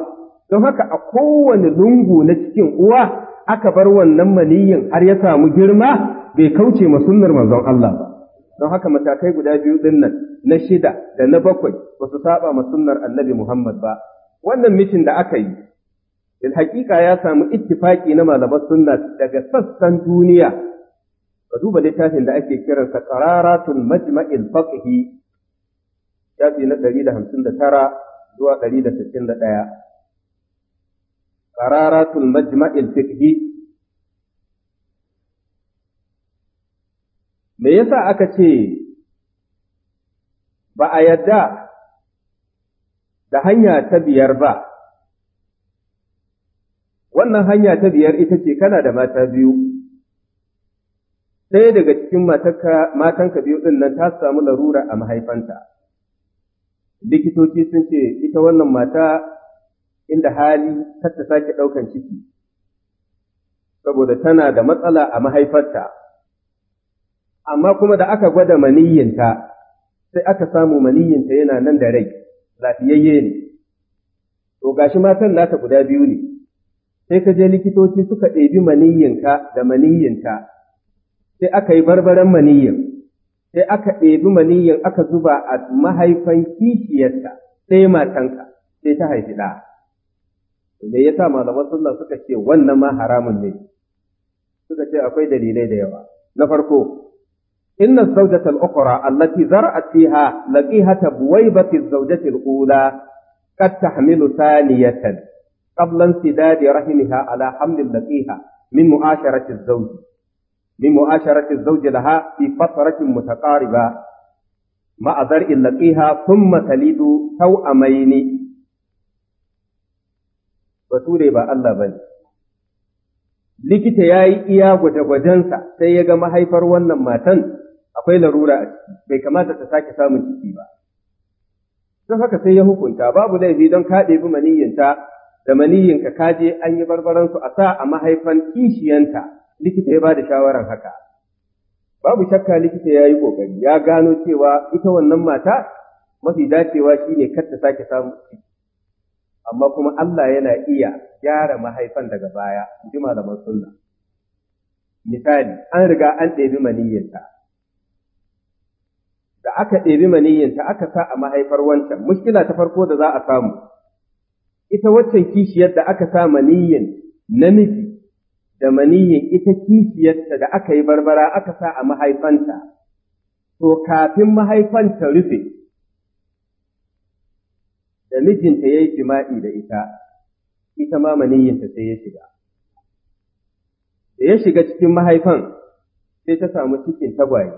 don haka a kowane lungu na cikin uwa aka bar wannan maniyin har ya samu girma bai kauce ma sunnar manzon Allah ba don haka matakai guda biyu din nan na shida da na bakwai ba su saba ma sunnar annabi Muhammad ba wannan mitin da aka yi bil haƙiƙa ya samu ittifaki na malaman sunna daga sassan duniya ka duba littafin da ake kiransa qararatun majma'il faqhi shafi na 159 zuwa 161 qararatun majma'il me yasa aka ce ba a yadda da hanya ta biyar ba Wannan hanya ta biyar ita ce kana da mata biyu ɗaya daga cikin matanka biyu ɗin nan ta samu larura a mahaifanta likitoci sun ce ita wannan mata inda hali ta sake ɗaukan ciki saboda tana da matsala a mahaifarta amma kuma da aka gwada maniyyinta sai aka samu maniyyinta yana nan da rai lafiyayye ne to gashi matan nata guda biyu ne sai ka je likitoci suka ɗebi maniyyinka da maniyyinta sai aka yi barbaran maniyyin sai aka ɗebi maniyyin aka zuba a mahaifan kishiyarta sai matanka sai ta haifi ɗa me yasa malaman sunna suka ce wannan ma haramun ne suka ce akwai dalilai da yawa na farko inna zawjata al-ukhra allati zar'at fiha laqihat buwaybati zawjati al-ula qad tahmilu qabla insidadi rahimiha ala hamlin laqiha min mu'asharati az-zawj min mu'asharati az-zawj laha fi fatratin mutaqariba ma'a zar'in laqiha thumma talidu tawamaini bature ba Allah bane likita ya yi iya gwaje-gwajensa sai ya ga mahaifar wannan matan akwai larura a ciki bai kamata ta sake samun ciki ba don haka sai ya hukunta babu laifi don ka ɗebi maniyyinta da maniyin ka je an yi barbaransu a sa a mahaifan kishiyanta likita ya bada shawaran haka babu shakka likita ya yi kokari ya gano cewa ita wannan mata mafi dacewa shine kar ta sake samu amma kuma Allah yana iya gyara mahaifan daga baya ji malaman sunna misali an riga an ɗebi maniyyinta da aka ɗebi maniyyinta aka sa a mahaifar wancan muskila ta farko da za a samu ita waccan kishiyar da aka sa maniyyin namiji da maniyyin ita kishiyarta da aka yi barbara aka sa a mahaifanta to kafin mahaifanta rufe da mijinta ya yi jima'i da ita ita ma maniyyinta sai ya shiga da ya shiga cikin mahaifan sai ta samu cikin tagwaye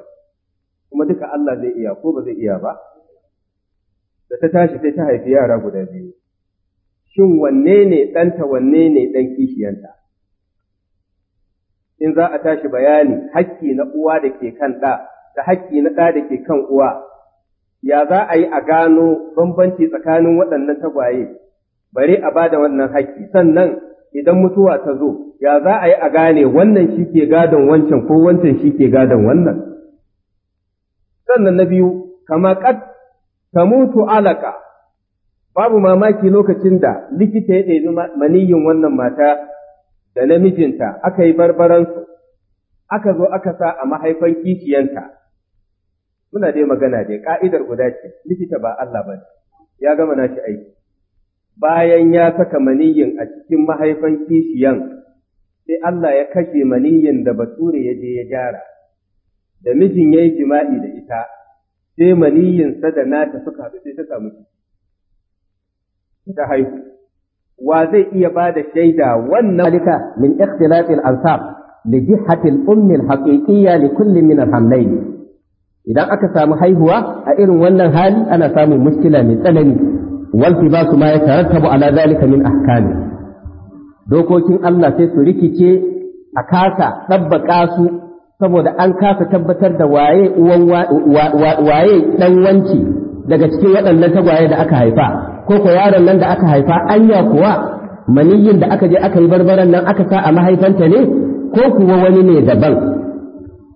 kuma duka Allah zai iya ko ba zai iya ba da ta tashi sai ta haifi yara guda biyu shin wanne ne ɗanta wanne ne ɗan kishiyanta. In za a tashi bayani hakki na uwa da ke kan ɗa da hakki na ɗa da ke kan uwa, ya za a yi a gano bambanci tsakanin waɗannan tagwaye, bari a ba da wannan hakki sannan idan mutuwa ta zo, ya za a yi a gane wannan shi ke gadon wancan ko wancan shi ke gadon wannan. Sannan na biyu, kama kad mutu alaka babu mamaki lokacin da likita ya ɗebi maniyin wannan mata da namijinta aka yi barbaransu aka zo aka sa a mahaifan kishiyanta muna dai magana dai ka'idar guda ce likita ba Allah ba ya gama nashi aiki bayan ya saka maniyin a cikin mahaifan kishiyan sai Allah ya kashe maniyin da bature ya je ya gyara da mijin ya yi jima'i da ita sai maniyinsa da nata suka haɗu sai ta samu ciki da haihu wa zai iya ba da shaida wannan alika min ikhtilafil ansab li jihatil ummi al haqiqiyya li kulli min al hamlayn idan aka samu haihuwa a irin wannan hali ana samun mushkila mai tsanani wal tibasu ma yatarattabu ala zalika min ahkami dokokin Allah sai su rikice a kasa tabbaka su saboda an kasa tabbatar da waye uwan waye dan wanci daga cikin waɗannan tagwaye da aka haifa ko ko yaron nan da aka haifa anya kuwa maniyin da aka je aka yi barbaran nan aka sa a mahaifanta ne ko kuwa wani ne daban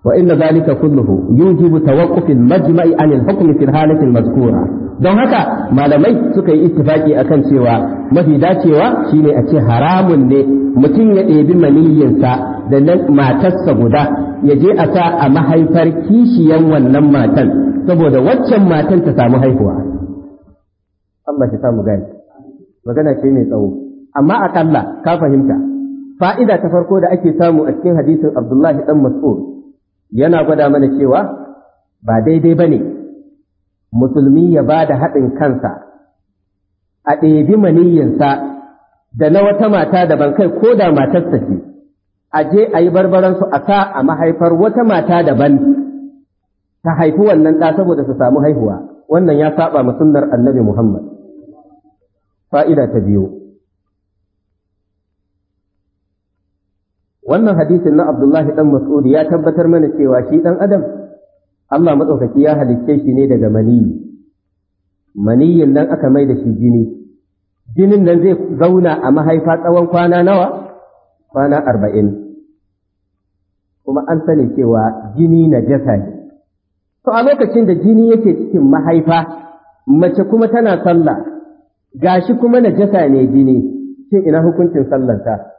wa inna zalika kulluhu yujibu tawaqqufil majma'i anil hukmi fil halatil mazkura don haka malamai suka yi ittifaki akan cewa mafi dacewa shine a ce haramun ne mutum ya ɗebi maniyyinsa da nan matarsa guda ya je a sa a mahaifar kishiyan wannan matan saboda waccan matan ta samu haihuwa Allah ta samu gani magana ce mai tsawo amma akalla ka fahimta fa'ida ta farko da ake samu a cikin hadisin Abdullahi dan Mas'ud yana gwada mana cewa ba daidai bane musulmi ya ba da haɗin kansa a ɗebi maniyyinsa da na wata mata daban kai ko da matarsa ce a je a yi barbaransu a sa a mahaifar wata mata daban ta haifi wannan ɗa saboda su samu haihuwa wannan ya saba ma sunnar annabi Muhammad fa'ida ta biyu wannan hadisin na Abdullahi Ɗan mas'udi ya tabbatar mana cewa shi dan adam Allah matsaukaki ya halicce shi ne daga maniyi maniyin nan aka mai da shi jini jinin nan zai zauna a mahaifa tsawon kwana nawa kwana arba'in kuma an sani cewa jini na jasa ne To a lokacin da jini yake cikin mahaifa, mace kuma tana sallah, gashi kuma najasa ne jini, shin ina hukuncin sallanta?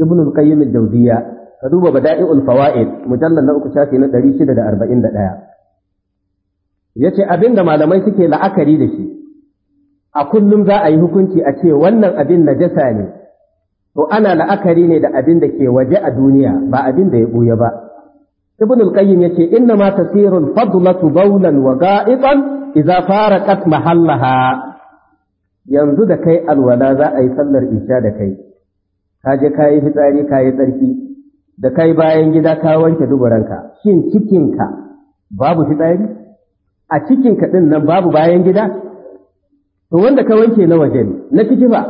Ibn al-Qayyim al-Jawziyya ka duba Bada'i'ul Fawaid mujallal na uku shafi na 641 yace abinda malamai suke la'akari da shi a kullum za a yi hukunci a ce wannan abin najasa ne to ana la'akari ne da abin da ke waje a duniya ba abin da ya buya ba ibn al-qayyim yace inna ma tasirul fadlatu bawlan wa ga'itan idza faraqat mahallaha yanzu da kai alwala za a yi sallar isha da kai ka je ka yi fitsari ka yi tsarki da kai bayan gida ka wanke duburanka shin cikinka babu fitsari a cikinka ɗin nan babu bayan gida to wanda ka wanke na waje ne na ciki ba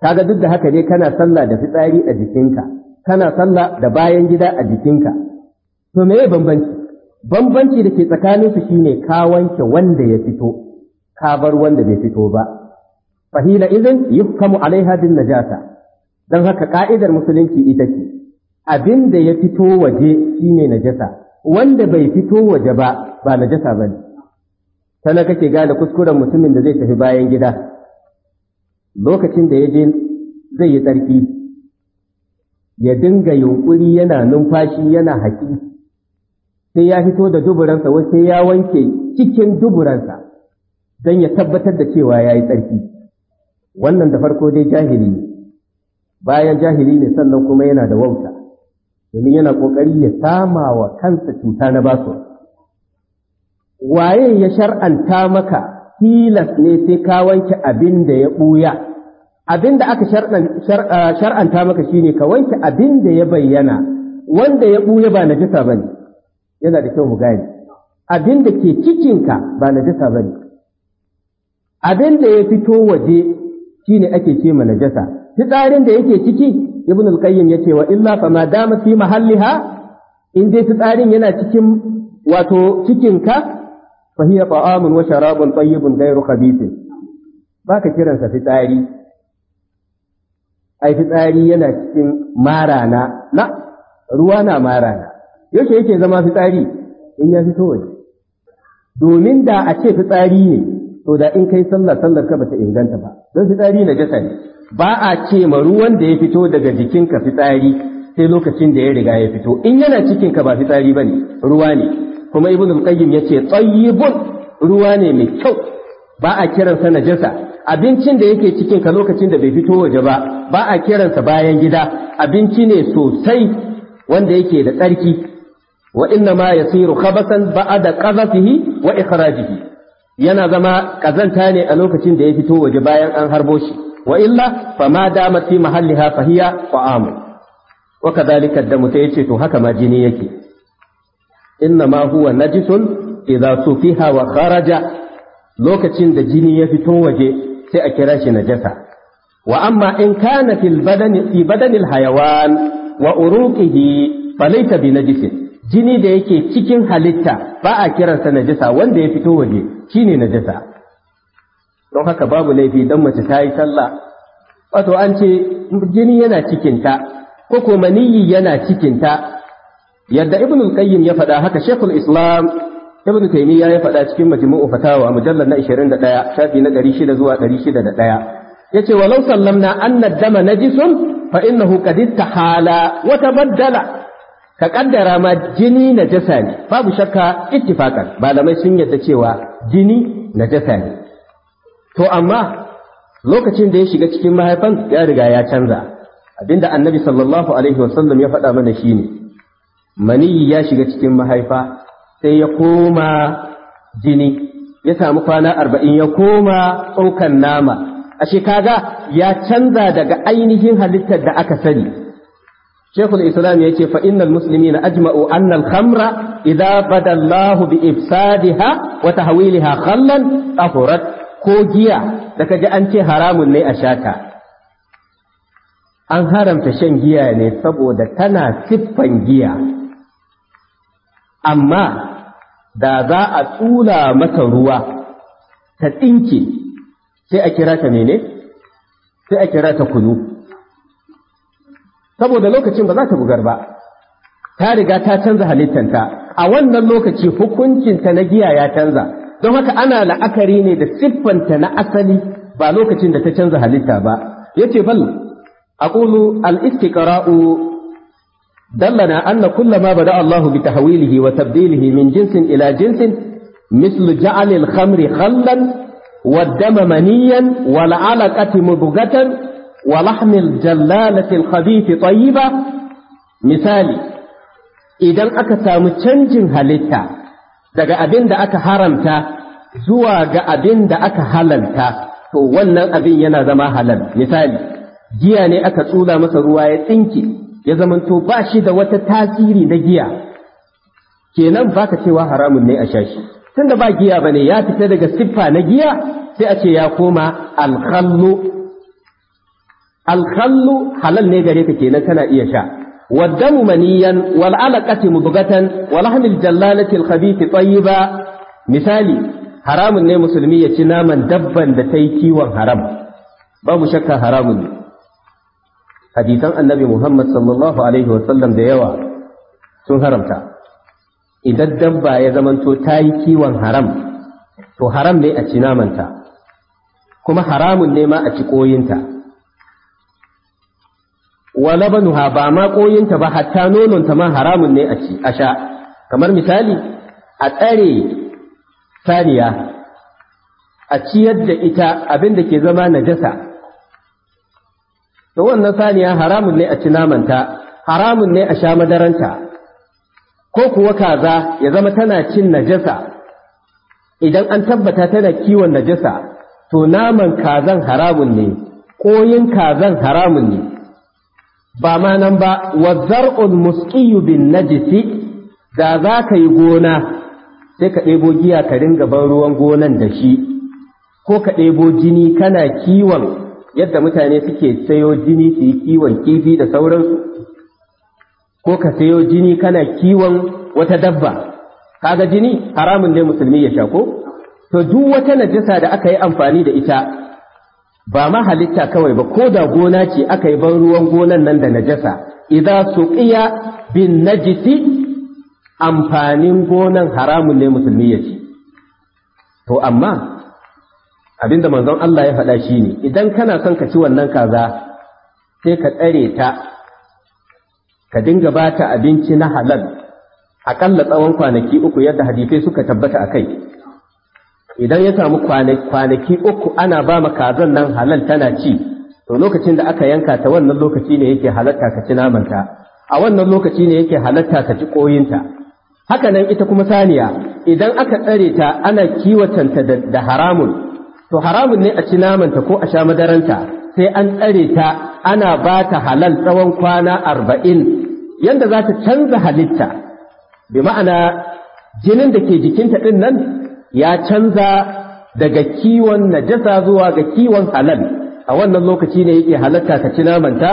kaga duk da haka ne kana sallah da fitsari a jikinka kana sallah da bayan gida a jikinka to meye bambanci bambanci da ke tsakanin su shine ka wanke wanda ya fito ka bar wanda bai fito ba fahila izin yuhkamu alaiha bin najasa Don haka ka'idar musulunci ita ce abin da ya fito waje shine najasa wanda bai fito waje ba ba najasa Ta sannan kake gane kuskuren mutumin da zai tafi bayan gida lokacin da ya je zai yi tsarki ya dinga yunƙuri yana numfashi yana haƙi sai ya fito da duburansa wa sai ya wanke cikin duburansa don ya tabbatar da cewa ya yi tsarki wannan da farko dai jahili ne bayan jahili ne sannan kuma yana da wauta domin yana ƙoƙari ya sama wa kansa cuta na basu waye ya shar'anta maka tilas ne sai ka wanke abin da ya ɓuya abin da aka ah, shar'anta maka shine ka wanke abin da ya bayyana wanda ya ɓuya ba ba bane yana da kyau mu gane abin da ke cikinka ba ba bane abin da ya fito waje shine ake ce ma najasa fitsarin da yake ciki ibn al-qayyim yace wa illa fa ma dama fi mahalliha in dai fitsarin yana cikin wato cikinka fa hiya ta'amun wa sharabun tayyibun ghayru khabith baka kiransa fitsari ai fitsari yana cikin marana na ruwa na marana yaushe yake zama fitsari in ya fito waje domin da a ce fitsari ne to da in kai sallah sallar ka bata inganta ba don fitsari na jasa ne ba a ce ma ruwan da ya fito daga jikinka fitsari sai lokacin da ya riga ya fito in yana cikin ka ba fitsari bane ruwa ne kuma ibnu qayyim yace tayyibun ruwa ne mai kyau ba a kiransa najasa abincin da yake cikin ka lokacin da bai fito waje ba ba a kiransa bayan gida abinci ne sosai wanda yake da tsarki wa inna ma yasiru khabasan ba'da qazafihi wa ikhrajihi yana zama kazanta ne a lokacin da ya fito waje bayan an harbo shi wa illa fa ma dama fi mahalliha fa hiya ta'am wa kadhalika da mutai yace to haka ma jini yake inna ma huwa najisun idza sufiha wa kharaja lokacin da jini ya fito waje sai a kira shi najasa wa amma in kana fil badani fi badanil hayawan wa uruqihi falaysa bi najisin jini da yake cikin halitta ba a kiransa najasa wanda ya fito waje shine najasa don haka babu laifi dan mace ta yi sallah wato an ce jini yana cikinta ko ko maniyyi yana cikinta yadda ibnul qayyim ya faɗa haka shekul islam ibn taymiya ya faɗa cikin majmu'u fatawa mujallal na 21 shafi na 600 zuwa 601 yace walau sallamna anna dama najisun fa innahu qad istahala wa tabaddala ka kaddara ma jini najasa ne babu shakka ittifaqan malamai sun yadda cewa jini najasa ne to amma lokacin da ya shiga cikin mahaifan ya riga ya canza abinda annabi sallallahu alaihi wasallam ya faɗa mana shine maniyi ya shiga cikin mahaifa sai ya koma jini ya samu kwana arba'in ya koma tsokan nama a kaga ya canza daga ainihin halittar da aka sani shekul islam ya ce fa innal musulmi na ajma'u annal khamra idza badallahu bi ifsadiha wa tahwiliha khallan tahurat ko giya da kaji an ce haramun ne a shata an haramta shan giya ne saboda tana siffan giya amma da za a tsula mata ruwa ta tsinke sai a kira ta mene sai a kira ta kunu saboda lokacin ba za ta bugar ba ta riga ta canza halittanta a wannan lokaci hukuncinta na giya ya canza don haka ana la'akari ne da siffanta na asali ba lokacin da ta canza halitta ba yace bal aqulu al-istiqra'u دلنا أن كل ما بدأ الله بتحويله وتبديله من جنس إلى جنس مثل جعل الخمر خلا والدم منيا والعلقة مبغة ولحم الجلالة الخبيث طيبة مثالي idan aka samu canjin halitta daga abin da aka haramta zuwa ga abin da aka halalta to wannan abin yana zama halal misali giya ne aka tsula masa ruwa ya tsinke ya zamanto ba shi da wata tasiri na giya kenan baka cewa haramun ne a sha shi tunda ba giya bane ya fita daga siffa na giya sai a ce ya koma alkhallu alkhallu halal ne gare ka kenan kana iya sha والدم منيا والعلقة مضغة ولحم الجلالة الخبيث ba. مثالي haramun ne musulmi ya ci naman dabban da ta yi kiwon haram babu shakka haramun hadisan annabi Muhammad sallallahu alaihi Wasallam da yawa sun haramta idan dabba ya zamanto ta yi kiwon haram to haram ne a ci namanta kuma haramun ne ma a ci koyinta wa labanuha ba ma koyinta ba hatta nononta ma haramun ne a ci a sha kamar misali a tsare saniya a ciyar da ita abin da ke zama najasa to wannan saniya haramun ne a ci namanta haramun ne a sha madaranta ko kuwa kaza ya zama tana cin najasa idan an tabbata tana kiwon najasa to naman kazan haramun ne ƙoyin kazan haramun ne ba ma nan ba wa zar'un muskiyu bin najisi da za ka yi gona sai ka ɗebo giya ka ringa ban ruwan gonan da shi ko ka ɗebo jini kana kiwon yadda mutane suke sayo jini su yi kiwon kifi da sauransu ko ka sayo jini kana kiwon wata dabba kaga jini haramun ne musulmi ya sha ko to duk wata najasa da aka yi amfani da ita ba ma halitta kawai ba ko da gona ce aka yi ban ruwan gonan nan da najasa su suqiya bin najisi amfanin gonan haramun ne musulmi ya ci to amma abinda manzon Allah ya faɗa shi ne. idan kana son ka ci wannan kaza sai ka tsare ta ka dinga ba ta abinci na halal aƙalla tsawon kwanaki uku yadda hadisai suka tabbata a kai idan ya samu kwanaki uku ana ba ma kazan nan halal tana ci to lokacin da aka yanka ta wannan lokaci ne yake halatta ka ci namanta a wannan lokaci ne yake halatta ka ci koyinta haka nan ita kuma saniya idan aka tsare ta ana kiwatanta da haramun to haramun ne a ci namanta ko a sha madaranta sai an tsare ta ana ba ta halal tsawon kwana arba'in yadda za ta canza halitta bi ma'ana jinin da ke jikinta ɗin nan ya canza daga kiwon najasa zuwa ga kiwon halal a wannan lokaci ne yake halatta ka ci namanta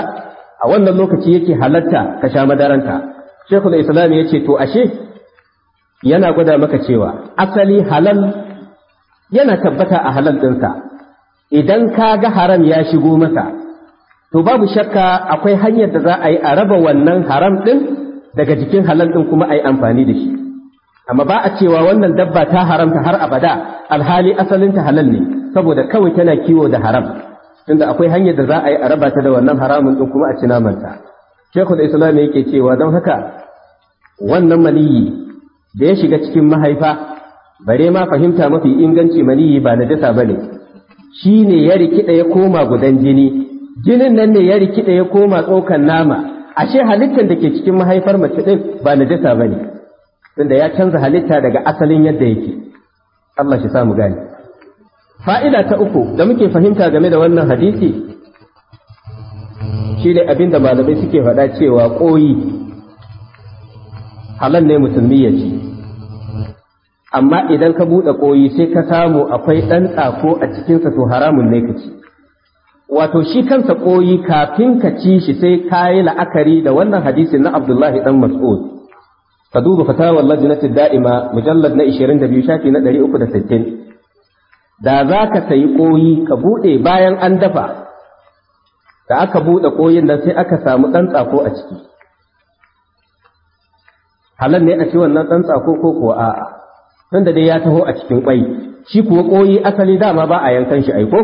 a wannan lokaci yake halatta ka sha madaranta shekul islam ya ce to ashe yana gwada maka cewa asali halal yana tabbata a halal ɗinsa idan ka ga haram ya shigo masa to babu shakka akwai hanyar da za a yi a raba wannan haram ɗin daga jikin halal ɗin kuma a yi amfani da shi amma ba a cewa wannan dabba ta haramta har abada alhali asalinta halal ne saboda kawai tana kiwo da haram tunda akwai hanyar da za a yi a raba ta da wannan haramun ɗin kuma a ci namanta shekul islam yake cewa don haka wannan maniyi da ya shiga cikin mahaifa bare ma fahimta mafi inganci maniyi ba na ba bane shi ne ya rikida ya koma gudan jini jinin nan ne ya rikida ya koma tsokan nama ashe halittar da ke cikin mahaifar mace din ba na ba bane tunda ya canza halitta daga asalin yadda yake Allah shi samu gani fa'ida ta uku da muke fahimta game da wannan hadisi shi ne abin da malamai suke faɗa cewa ƙoyi halal ne musulmi ya ci amma idan ka buɗe koyi sai ka samu akwai ɗan tsako a cikinsa to haramun ne ka ci wato shi kansa ƙoyi kafin ka ci shi sai ka yi la'akari da wannan hadisin na abdullahi dan mas'ud ka duba fatawar lajinati da'ima mujallad na 22 shafi na 360 da za ka sayi koyi ka buɗe bayan an dafa da aka buɗe koyin nan sai aka samu ɗan tsako a ciki halal ne a ci wannan ɗan tsako ko kuwa a'a tunda dai ya taho a cikin kwai shi kuwa koyi asali dama ba a yankan shi aiko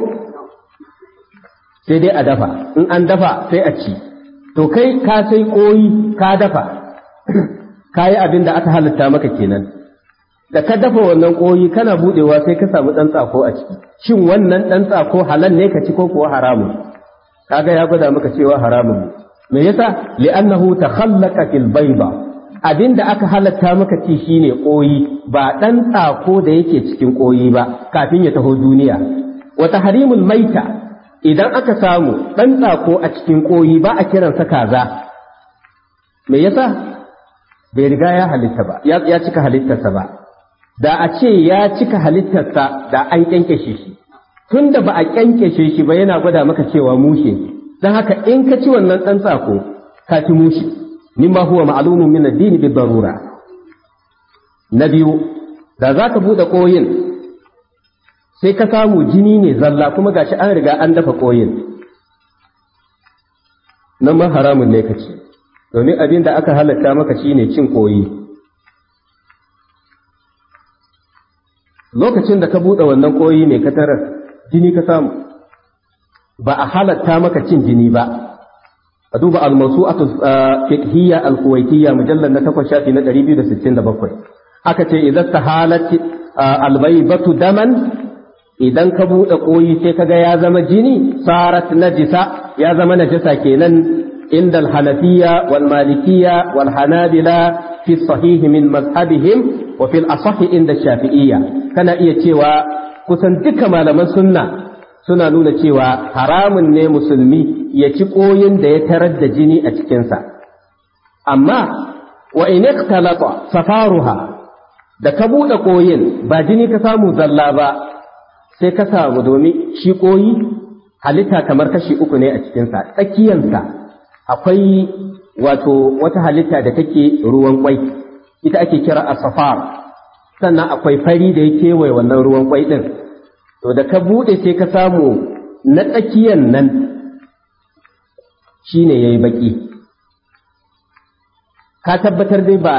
sai dai a dafa in an dafa sai a ci to kai ka sai koyi ka dafa ka yi abin da aka halitta maka kenan da ka dafa wannan koyi kana budewa sai ka samu ɗan tsako a ciki shin wannan ɗan tsako halal ne ka ci ko kuwa haramun kaga ya gwada maka cewa haramun me yasa li'annahu takhallaqa fil bayda abin da aka halatta maka ci ne ƙoyi ba ɗan tsako da yake cikin ƙoyi ba kafin ya taho duniya wata harimul maita idan aka samu ɗan tsako a cikin ƙoyi ba a kiransa kaza me yasa bai riga ya halitta ba ya cika halittarsa ba da a ce ya cika halittarsa da an kyankyashe shi Tunda ba a kyankyashe shi ba yana gwada maka cewa mushe don haka in ka ci wannan ɗan tsako ka ci mushe mimma huwa ma'lumun min ad-din bi darura na biyu da zaka bude koyin sai ka samu jini ne zalla kuma ga shi an riga an dafa ƙoyin. nan ma haramun ne ka ci domin abin da aka halatta maka shi ne cin ƙoyi. lokacin da ka buɗe wannan ƙoyi ne ka tarar jini ka samu ba a halatta maka cin jini ba a duba al-mawsu'atu uh, fiqhiyya al-kuwaitiyya mujallal na 8 shafi na 267 aka ce idan tahalat uh, al-baybatu daman idan ka buɗe koyi sai kaga ya zama jini sarat najisa ya zama najasa kenan inda al-hanafiyya wal malikiyya wal hanabila fi sahih min madhhabihim wa fil asah inda shafi'iyya kana iya cewa kusan duka malaman sunna suna nuna cewa haramun ne musulmi ya ci ƙoyin da ya tarar da jini a cikinsa amma wa in ikhtalata safaruha da ka buɗe ƙoyin ba jini ka samu zalla ba sai ka samu domin shi ƙoyi halitta kamar kashi uku ne a cikinsa tsakiyansa akwai wato wata halitta da take ruwan kwai ita ake kira a safar sannan akwai fari da ya kewaye wannan ruwan kwai ɗin to da ka buɗe sai ka samu na tsakiyan nan shi ne ya yi baki ka tabbatar dai ba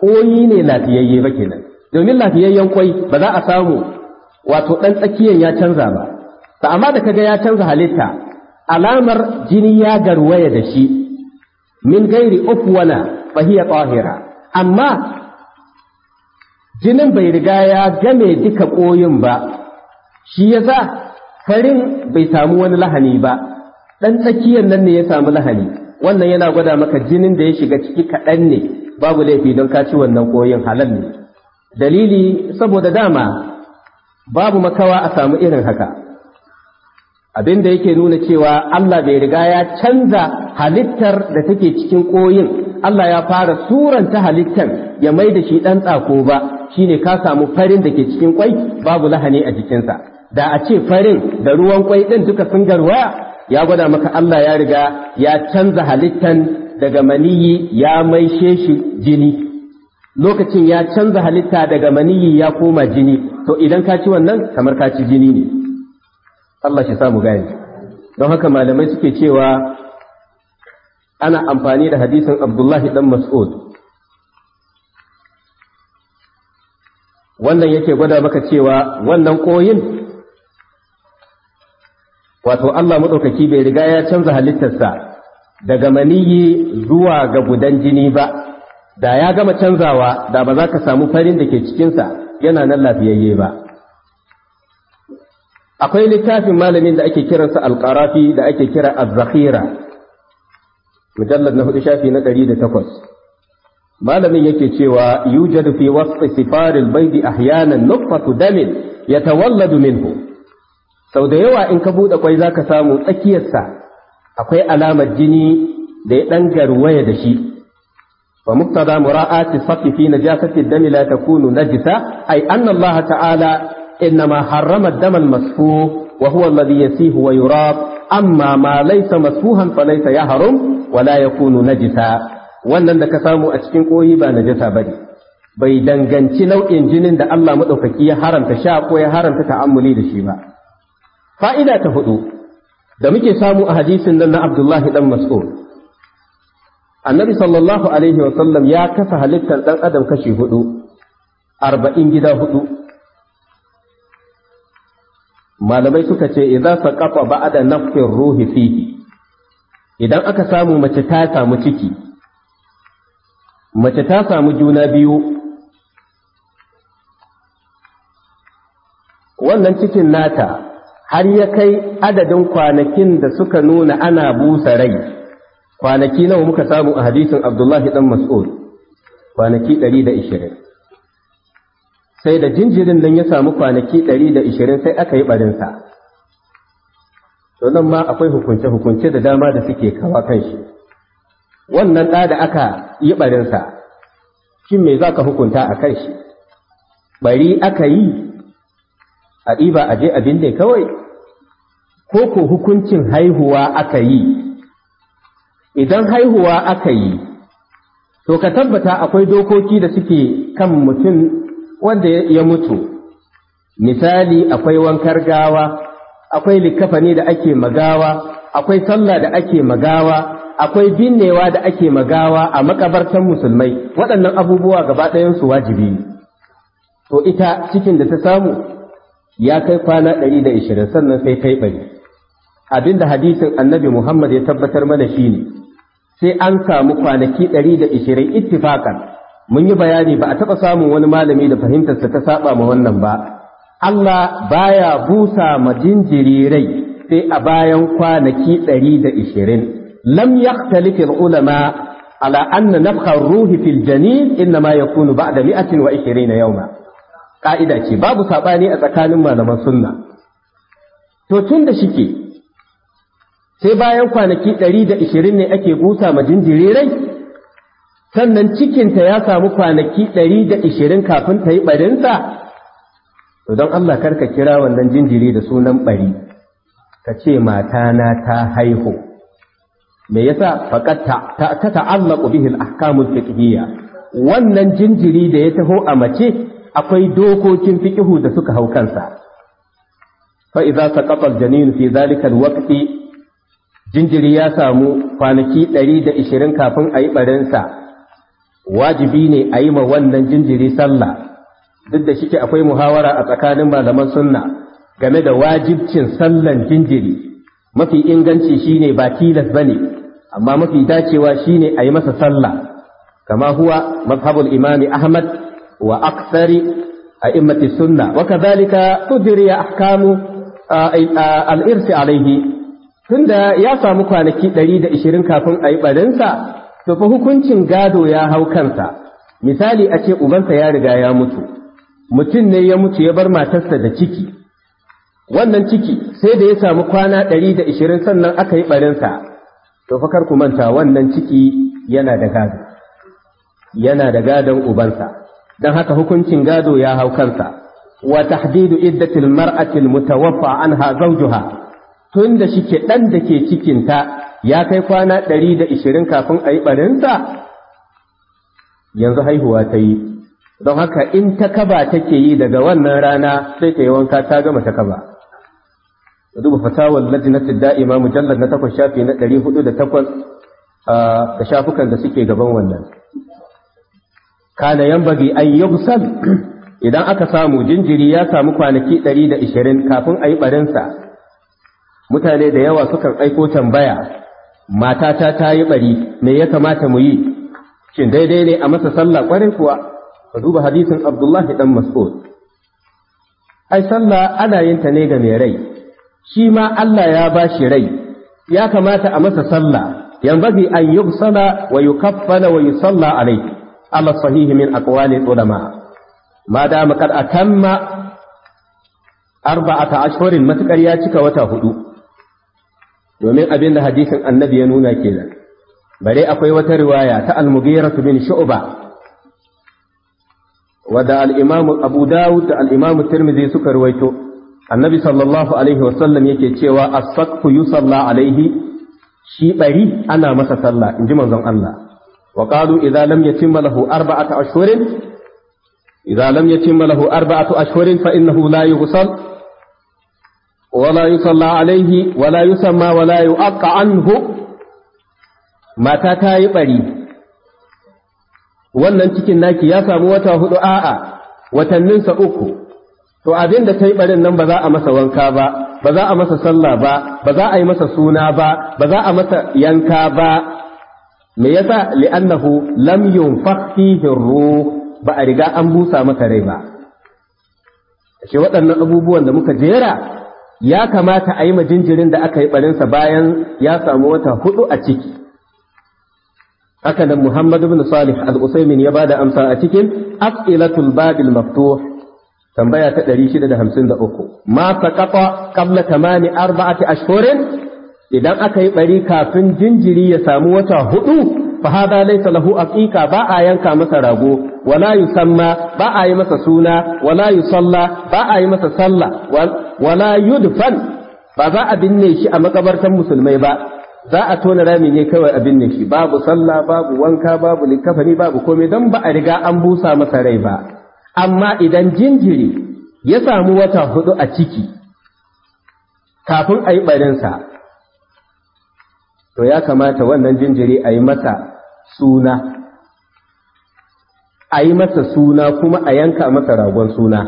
ƙoyi ne lafiyayye ba kenan domin lafiyayyen kwai ba za a samu wato ɗan tsakiyan ya canza ba ta amma da kaga ya canza halitta alamar jini ya garwaya da shi min gairi uku wana hiya tahira amma jinin bai riga ya game duka ƙoyin ba shi ya yasa farin bai samu wani lahani ba ɗan tsakiyar nan ne ya samu lahani wannan yana gwada maka jinin da ya shiga ciki kaɗan ne babu laifi don ka ci wannan koyin halal ne dalili saboda dama babu makawa a samu irin haka abin da yake nuna cewa Allah bai riga ya canza halittar da take cikin koyin Allah ya fara suranta halittar ya mai da shi ɗan tsako ba shine ka samu farin da ke cikin kwai babu lahani a jikinsa da a ce farin da ruwan kwai ɗin duka sun garwa ya gwada maka Allah ya riga ya canza halittan daga maniyi ya maishe shi jini lokacin ya canza halitta daga maniyi ya koma jini to idan ka ci wannan kamar ka ci jini ne Allah shi samu gani don haka malamai suke cewa ana amfani da hadisin Abdullahi dan Mas'ud wannan yake gwada maka cewa wannan koyin wato Allah maɗaukaki bai riga ya canza halittarsa daga maniyi zuwa ga gudan jini ba da ya gama canzawa da ba za ka samu farin da ke cikinsa yana nan lafiyayye ba akwai littafin malamin da ake kiransa alƙarafi da ake kira azzakhira mujallar na hudu shafi na ɗari da takwas malamin yake cewa yujadu fi wasfi sifaril baidi ahyanan nutfatu damin yatawalladu minhu sau da yawa in ka buɗe kwai za ka samu tsakiyarsa akwai alamar jini da ya ɗan garwaya da shi wa muktada mura'ati safifi fi najasati dami la kunu na ay anna Allah ta'ala innama harrama damal masfu wa huwa alladhi yasihu wa yurab amma ma laysa masfuhan fa laysa yahrum wa la yakunu najisa wannan da ka samu a cikin koyi ba najasa bane bai danganci nau'in jinin da Allah madaukaki ya haramta sha ko ya haramta ta'ammuli da shi ba fa'ida ta hudu da muke samu a hadisin nan na Abdullahi ɗan Mas'ud annabi sallallahu alaihi ya kasa halittar ɗan adam kashi hudu arba'in gida hudu malamai suka ce idan kafa ba'da nafkin ruhi fihi idan aka samu mace ta samu ciki mace ta samu juna biyu wannan cikin nata har ya kai adadin kwanakin da suka nuna ana busa rai kwanaki nawa muka samu a hadisin abdullahi dan mas'ud kwanaki 120 sai da jinjirin nan ya samu kwanaki 120 sai aka yi barinsa to nan ma akwai hukunce-hukunce da dama da suke kawa kan shi wannan ɗa da aka yi barinsa shin me za ka hukunta a kan shi bari aka yi a ɗiba a je abin da kawai ko ko hukuncin haihuwa aka yi idan haihuwa aka yi to ka tabbata akwai dokoki da suke kan mutum wanda ya mutu misali akwai wankar gawa akwai likafani da ake magawa akwai sallah da ake magawa akwai binnewa da ake magawa a makabartan musulmai waɗannan abubuwa gaba ɗayansu wajibi to ita cikin da ta samu ya kai kwana ɗari da ishirin sannan sai kai ɓari abinda hadisin annabi muhammad ya tabbatar mana shine sai an samu kwanaki ɗari da ishirin ittifakan mun yi bayani ba a taɓa samun wani malami da fahimtarsa ta saba ma wannan ba Allah baya busa ma jinjiri rai sai a bayan kwanaki ɗari da ishirin lam yakhtalifi ulama ala anna nafkha ruhi fil janin inna ma yakunu ba'da mi'atin wa yau yawma ƙa'ida ce babu saɓani a tsakanin malaman sunna to tun da shike sai bayan kwanaki ɗari da ishirin ne ake busa ma jinjiri rai sannan cikinta ya samu kwanaki ɗari da ishirin kafin ta yi ɓarinsa to don Allah karka kira wannan jinjiri da sunan ɓari ka ce matana ta haihu me yasa faqat ta ta bihi al-ahkamu fiqhiyya wannan jinjiri da ya taho a mace akwai dokokin fiƙihu da suka hau kansa fa idza saqata al-janin fi dhalika al jinjiri ya samu kwanaki 120 kafin ayi barinsa wajibi ne ayi ma wannan jinjiri sallah duk da shike akwai muhawara a tsakanin malaman sunna game da wajibcin sallan jinjiri mafi inganci shine ba tilas bane amma mafi dacewa shine yi masa sallah kama huwa mazhabul imami ahmad Wa وأكثر أئمة السنة وكذلك a أحكام الإرث عليه tunda ya samu kwanaki ɗari da ishirin kafin a yi barinsa, to fa hukuncin gado ya hau kansa misali a ce ubansa ya riga ya mutu mutum ne ya mutu ya bar matarsa da ciki wannan ciki sai da ya samu kwana ɗari da ishirin sannan aka yi barinsa, to fa kar ku manta wannan ciki yana da gado yana da gadon ubansa don haka hukuncin gado ya hau kansa wa tahdidu iddatil mar'ati mutawaffa anha zawjuha tun da shike dan da ke cikin ta ya kai kwana 120 kafin a yi barinsa yanzu haihuwa ta yi don haka in ta kaba take yi daga wannan rana sai ta yi wanka ta gama ta kaba duba fatawar lajinat da'ima mujallar na takwas shafi na 408 da shafukan da suke gaban wannan kana yanbaghi an yughsal idan aka samu jinjiri ya samu kwanaki 120 kafin a yi barinsa mutane da yawa sukan aiko tambaya matata ta yi bari me ya kamata mu yi shin daidai ne a masa sallah kwarin kuwa ka duba hadisin abdullahi dan mas'ud ai sallah ana yin ta ne ga mai rai shi ma Allah ya ba shi rai ya kamata a masa sallah yanbaghi an yughsala wa yukaffana wa yusalla alayhi ala sahihi min aqwali ulama ma da makar atamma arba'ata ashhurin matukar ya cika wata hudu domin abinda da hadisin annabi ya nuna ke kenan bare akwai wata riwaya ta al-mughira bin shu'ba wadda al'imamu abu dawud da al'imamu tirmidhi suka ruwaito annabi sallallahu alaihi wasallam yake cewa as-saqfu yusalla alaihi shi bari ana masa sallah in ji manzon Allah wa qalu idza lam yatimma lahu arba'atu ashhurin idza lam yatimma lahu arba'atu ashhurin fa innahu la yughsal ولا يصلى عليه ولا يسمى ولا يؤقى عنه mata ta yi ɓari wannan cikin naki ya samu wata hudu a'a watanninsa uku to abin da ta yi barin nan ba za a masa wanka ba ba za a masa sallah ba ba za a yi masa suna ba ba za a masa yanka ba me yasa li'annahu lam yunfakh fihi ruh ba a riga an busa maka rai ba shi waɗannan abubuwan da muka jera ya kamata a yi ma jinjirin da aka yi barinsa bayan ya samu wata hudu a ciki haka nan Muhammad ibn Salih al-Usaymin ya bada amsa a cikin as'ilatul babil maftuh tambaya ta 653 ma saqata qabla tamani arba'ati ashhurin idan aka yi bari kafin jinjiri ya samu wata hudu fa hada laysa lahu aqiqa ba a yanka masa rago wala yusamma ba a yi masa suna wala yusalla ba a yi masa sallah wala yudfan ba za a binne shi a makabartan musulmai ba za a tona rami ne kawai a binne shi babu sallah babu wanka babu likafani babu komai don ba a riga an busa masa rai ba amma idan jinjiri ya samu wata hudu a ciki kafin a yi barinsa to ya kamata wannan jinjiri a yi masa suna a yi masa suna kuma a yanka masa ragon suna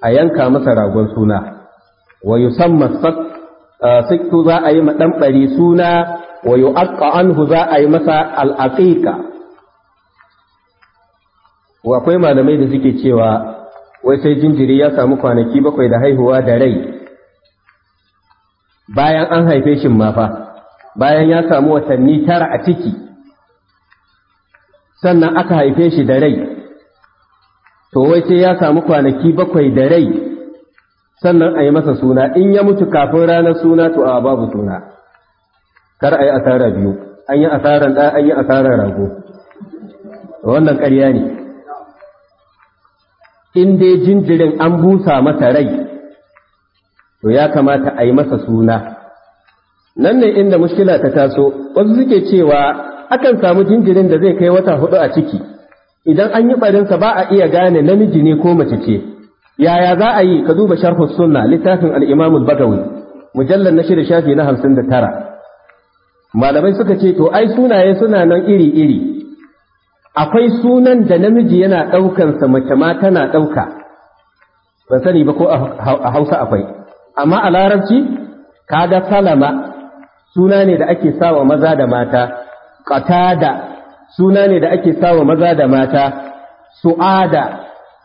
a yanka masa ragon suna wa yusamma sikku za a yi ma suna wa yu'aqqa anhu za a yi masa al’afika wa akwai malamai da suke cewa wai sai jinjiri ya samu kwanaki bakwai da haihuwa da rai bayan an haife shi ma fa bayan ya samu watanni tara a ciki sannan aka haife shi da rai to wai sai ya samu kwanaki bakwai da rai sannan a yi masa suna in ya mutu kafin ranar suna to a babu suna kar a yi asara biyu an yi asaran ɗaya, an yi asaran rago wannan ƙarya ne in dai jinjirin an busa masa rai to ya kamata a yi masa suna nan ne inda mushkila ta taso wasu suke cewa akan samu jinjirin da zai kai wata hudu a ciki idan an yi barinsa ba a iya gane namiji ne ko mace ce yaya za a yi ka duba sharhu sunna littafin al-imam Mujallar bagawi mujallal na shirya shafi na hamsin da tara malamai suka ce to ai sunaye suna nan iri-iri akwai sunan da namiji yana ɗaukansa mace ma tana ɗauka ban sani ba ko a hausa akwai amma a larabci kaga salama suna ne da ake sawa maza da mata qatada suna ne da ake sawa maza da mata su'ada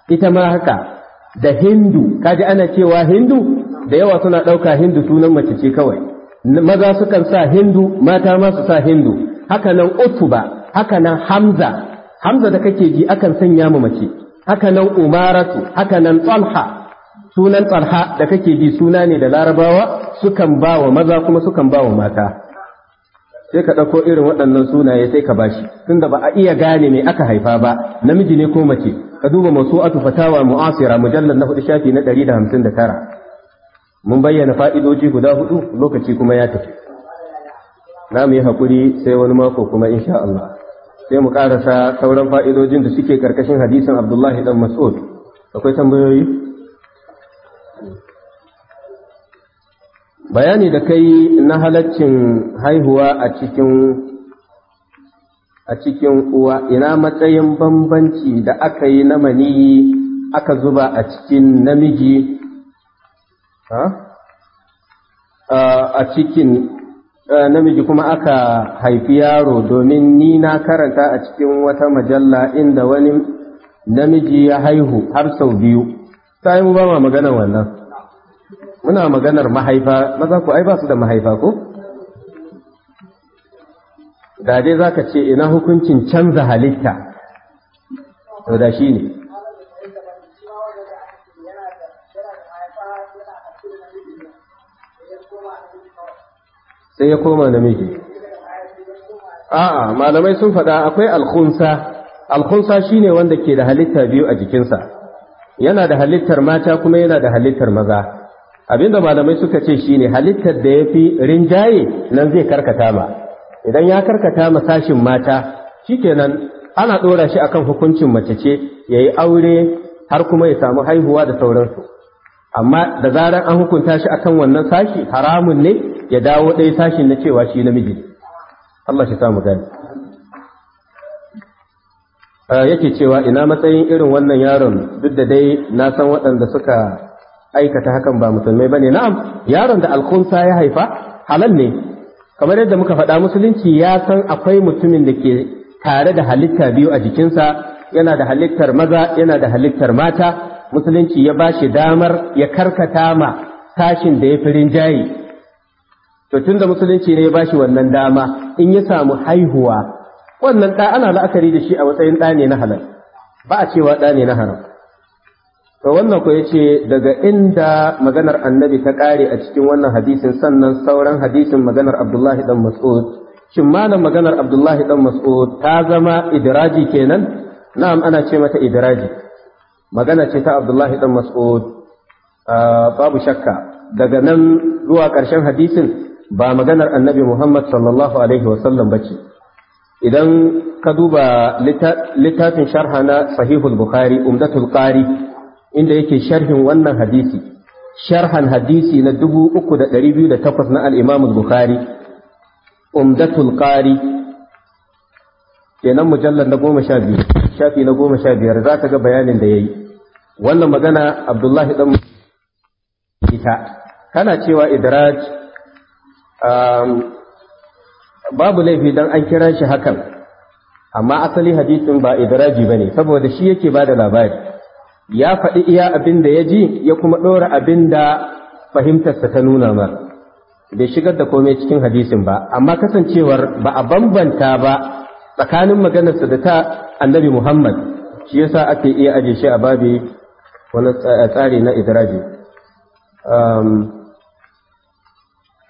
ita ma haka da hindu kaji ana cewa hindu da yawa suna ɗauka hindu sunan mace ce kawai maza sukan sa hindu mata ma su sa hindu haka nan utuba haka nan hamza hamza da kake ji akan sanya mu mace haka nan umaratu haka nan talha sunan tsarha da kake bi suna ne da larabawa sukan ba wa maza kuma sukan ba wa mata sai ka ɗauko irin waɗannan sunaye sai ka bashi tunda ba a iya gane mai aka haifa ba namiji ne ko mace ka duba masu atu fatawa mu'asira mujallar na hudu shafi na ɗari da hamsin da tara mun bayyana fa'idoji guda hudu lokaci kuma ya tafi za mu yi haƙuri sai wani mako kuma insha Allah sai mu ƙarasa sauran fa'idojin da suke ƙarƙashin hadisin Abdullahi ɗan Mas'ud akwai tambayoyi bayani da kai na halaccin haihuwa a cikin a cikin uwa ina matsayin bambanci da aka yi na maniyi aka zuba a cikin namiji a cikin namiji kuma aka haifi yaro domin ni na karanta a cikin wata majalla inda wani namiji ya haihu har sau biyu ta yi mu ba ma magana wannan muna maganar mahaifa maza ku ai ba su da mahaifa ko da dai za ka ce ina hukuncin canza halitta to da shi ne sai ya koma namiji a'a malamai sun faɗa akwai alkhunsa alkhunsa shine wanda ke da halitta biyu a jikinsa yana da halittar mata kuma yana da halittar maza abinda malamai suka ce shine halittar da ya fi rinjaye nan zai karkata ma idan ya karkata ma sashin mata shikenan ana ɗora shi akan hukuncin mace ce ya yi aure har kuma ya samu haihuwa da sauransu amma da zarar an hukunta shi akan wannan sashi haramun ne ya dawo ɗaya sashin na cewa shi namiji Allah shi samu gani yake cewa ina matsayin irin wannan yaron duk da dai na san waɗanda suka aikata hakan ba musulmai bane na'am yaron da alkunsa ya haifa halal ne kamar yadda muka faɗa musulunci ya san akwai mutumin da ke tare da halitta biyu a jikinsa yana da halittar maza yana da halittar mata musulunci ya bashi damar ya karkata ma tashin da ya fi rinjaye to tunda musulunci ne ya bashi wannan dama in ya samu haihuwa wannan ɗa ana la'akari da shi a matsayin ɗa na halal ba a cewa ɗa na haram to wannan ko yace daga inda maganar annabi ta kare a cikin wannan hadisin sannan sauran hadisin maganar abdullahi ɗan mas'ud shin malam maganar abdullahi ɗan mas'ud ta zama idiraji kenan na'am ana ce mata idraji magana ce ta abdullahi ɗan mas'ud ah, babu shakka daga nan zuwa ƙarshen hadisin ba maganar annabi muhammad sallallahu alaihi wasallam bace idan ka duba littafin sharha na sahihul bukhari umdatul qari inda yake sharhin wannan hadisi sharhan hadisi na 3208 na al-Imam al-Bukhari Umdatul Qari kenan mujallal na 12 shafi na Za ka ga bayanin da yayi wannan magana Abdullahi dan ita kana cewa idraj um, babu laifi dan an kira shi hakan amma asali hadisin ba idraji ne, saboda shi yake bada labari ya faɗi iya abin da ya ji ya kuma ɗora abin da fahimtarsa ta nuna mar bai shigar da komai cikin hadisin ba amma kasancewar ba a bambanta ba tsakanin maganarsa da ta annabi muhammad shi yasa ake iya aje shi a babi wani tsari na idraji um,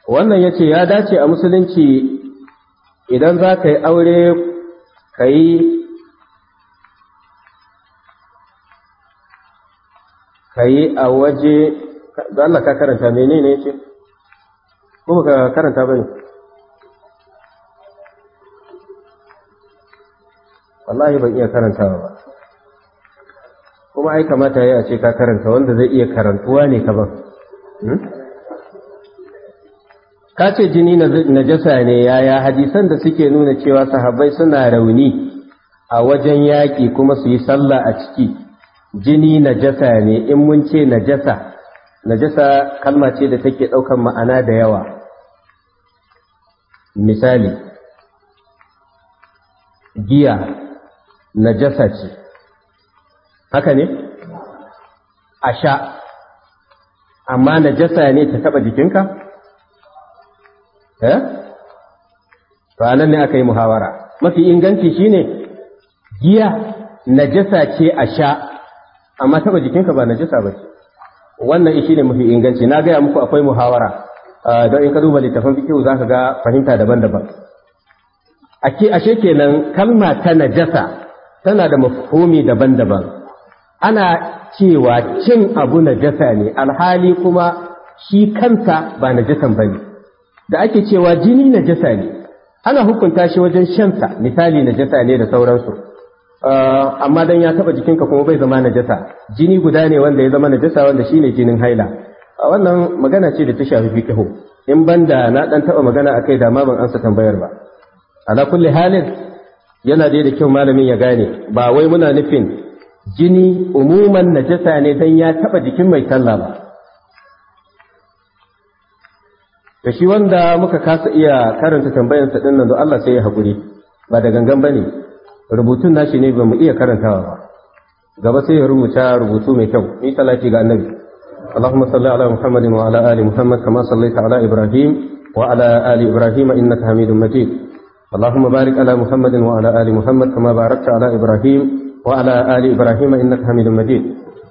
wannan ya ce ya dace a musulunci idan za ka yi aure ka yi ka yi a waje da Allah ka karanta menene ce ko ka karanta bane wallahi ban iya karantawa ba kuma ai kamata ya ce ka karanta wanda zai iya karantuwa ne ka ban hmm? ka ce jini na najasa ne yaya hadisan da suke nuna cewa sahabbai suna rauni a wajen yaƙi kuma su yi sallah a ciki jini najasa ne in mun ce najasa najasa kalma ce da take ɗaukan ma'ana da yawa misali giya najasa ce haka ne a sha amma najasa ne ta taɓa jikinka? eh? to anan ne aka yi muhawara mafi inganci shine giya najasa ce a sha amma taba jikinka ba najisa ba ce wannan shi ne mafi inganci na gaya muku akwai muhawara don in ka duba littafin fikihu za ka ga fahimta daban-daban ake ashe kenan kalma ta najasa tana da mafhumi daban-daban ana cewa cin abu najasa ne alhali kuma shi kansa ba najasan ba ne da ake cewa jini najasa ne ana hukunta shi wajen shansa misali najasa ne da sauransu Eh, amma dan ya taba jikinka kuma bai zama najasa jini guda ne wanda ya zama najasa wanda shine jinin haila a wannan magana ce da ta shafi fiqh in banda na dan taba magana akai da ma ban ansa tambayar ba ala kulli halin yana da da kyau malamin ya gane ba wai muna nufin jini umuman najasa ne dan ya taba jikin mai talla ba da shi wanda muka kasa iya karanta tambayarsa din nan Allah sai ya haƙuri ba da gangan bane rubutun nashi ne bamu iya karantawa ba gaba sai ya rubuta rubutu mai kyau ni talaki ga annabi اللهم صل على محمد وعلى ال محمد كما صليت على ابراهيم وعلى ال ابراهيم انك حميد مجيد اللهم بارك على محمد وعلى ال محمد كما باركت على ابراهيم وعلى ال ابراهيم انك حميد مجيد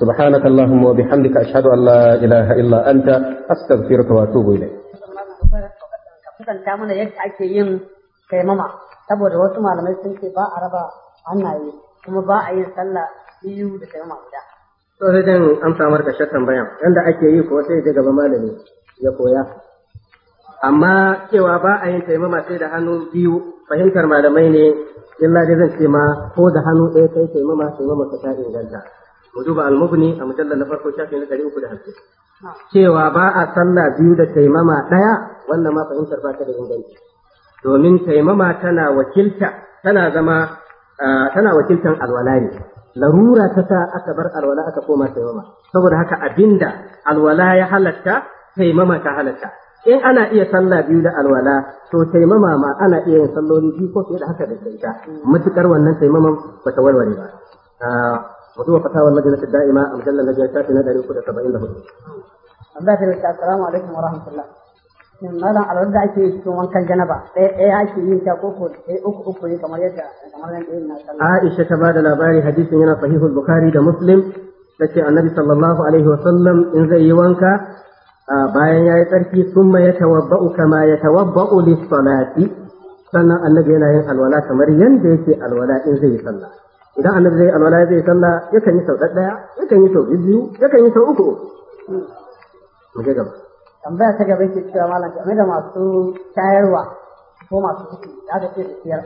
سبحانك اللهم وبحمدك أشهد أن لا إله إلا أنت أستغفرك وأتوب إليك kasanta mana yadda yin taimama saboda wasu malamai sun ce ba a raba hannaye kuma ba a yin sallah biyu da taimama guda. To sai dan amsa mar kashe bayan. yanda ake yi ko sai ga gaba malami ya koya. Amma cewa ba a yin taimama sai da hannu biyu fahimtar malamai ne illa dai zan ce ma ko da hannu ɗaya kai taimama taimama ka ta inganta. mu duba al-mubni a mujallar na farko shafi da 350 cewa ba a sallah biyu da taimama daya wannan ma ba ta da inganci domin taimama tana wakilta tana zama tana wakiltan alwala ne larura ta sa aka bar alwala aka koma taimama saboda haka abinda alwala ya halatta taimama ta halatta in ana iya sallah biyu da alwala to taimama ma ana iya yin salloli biyu ko fiye da haka da ita matukar wannan taimaman ba ta warware ba a وهو فتاوى اللجنة الدائمة المجلة الذي يتاتي نادى يقول 70 له. Allah ta rika assalamu alaikum wa rahmatullah. Shin malam alwar da ake yi cikin wankan janaba ɗaya ɗaya ake yin ta ko ɗaya uku uku ne kamar yadda kamar yadda yin Aisha ta ba da labari hadisin yana sahihul Bukhari da Muslim da ce annabi sallallahu alaihi wa sallam in zai yi wanka bayan ya yi tsarki sun ma ya tawabba'u kama ya tawabba'u salati sannan annabi yana yin alwala kamar yadda yake alwala in zai yi sallah. idan annabi zai alwala zai sallah ya kan yi sau ɗaya kan yi sau biyu kan yi sau uku mu ga gaba tambaya ta gaba ke cewa malam game da masu shayarwa ko masu ciki da aka ce da ciyar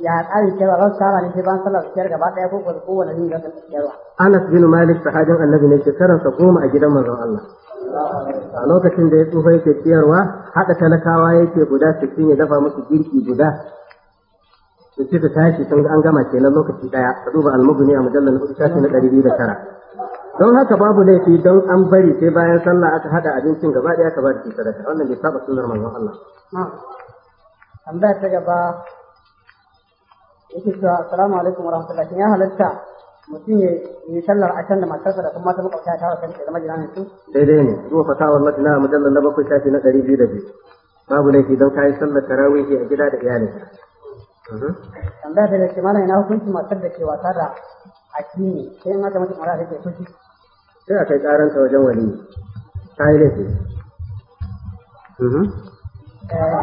ya tsarin ciyarwa za su shara ne sai ban sallah da ciyar gaba ɗaya ko ko kowane ne za su ciyarwa Anas bin Malik sahabin annabi ne sa goma a gidan manzon Allah a lokacin da ya tsufa yake tiyarwa, haɗa talakawa yake guda sittin ya dafa musu girki guda to sai ta tashi sun an gama kenan lokaci daya ka duba almuguni a mujallar hudu shafi na ɗari biyu da tara don haka babu laifi don an bari sai bayan sallah aka hada abincin gaba ka bada sadaka wannan bai saba sunnar manzon Allah ta gaba yake cewa assalamu alaikum wa rahmatullahi ya halatta mutum ya yi sallar a can da matarsa da kuma ta makwabta ta wa kanta da majalanin su daidai ne zuwa fatawar madina mujallar na bakwai shafi na ɗari biyu da biyu babu laifi don ka sallar tarawihi a gida da iyalinka Mhm. tambaya ta da ke mana ina hukunci matar da ke wasa da addini sai in aka mata mara take fushi sai a kai karanta wajen wali ta yi laifi mhm. eh,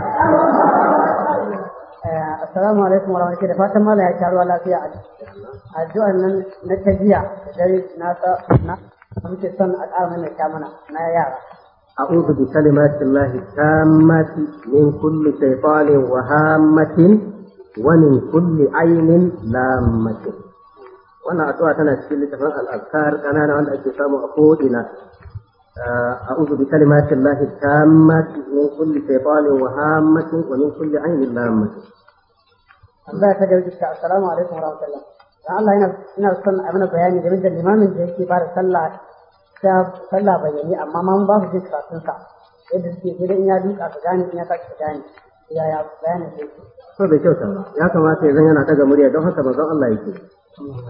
eh, assalamu alaikum warahmatullahi da fatan mallam ya karuwa lafiya addu'an nan na ta tajiya dare na na muke son a ƙara mana ta mana na yara أعوذ بكلمات الله التامة من كل شيطان وهامة Wanin kulli ainin lamatin wannan addu'a tana cikin littafin al'azkar kanana wanda ake samu a ko'ina أعوذ uh, بكلمات wa التامة من كل شيطان ainin ومن كل عين لامة. الله يسجد السلام wa ورحمة الله. Allah ina son a mana bayani game da limamin da yake ba da sallah ta sallah bayani amma ma ba su jin karatunsa yadda suke gidan in ya duka ka gane in ya sake ka gane yaya bayanin yake to bai kyauta ba ya kamata idan yana daga murya don haka mazan Allah yake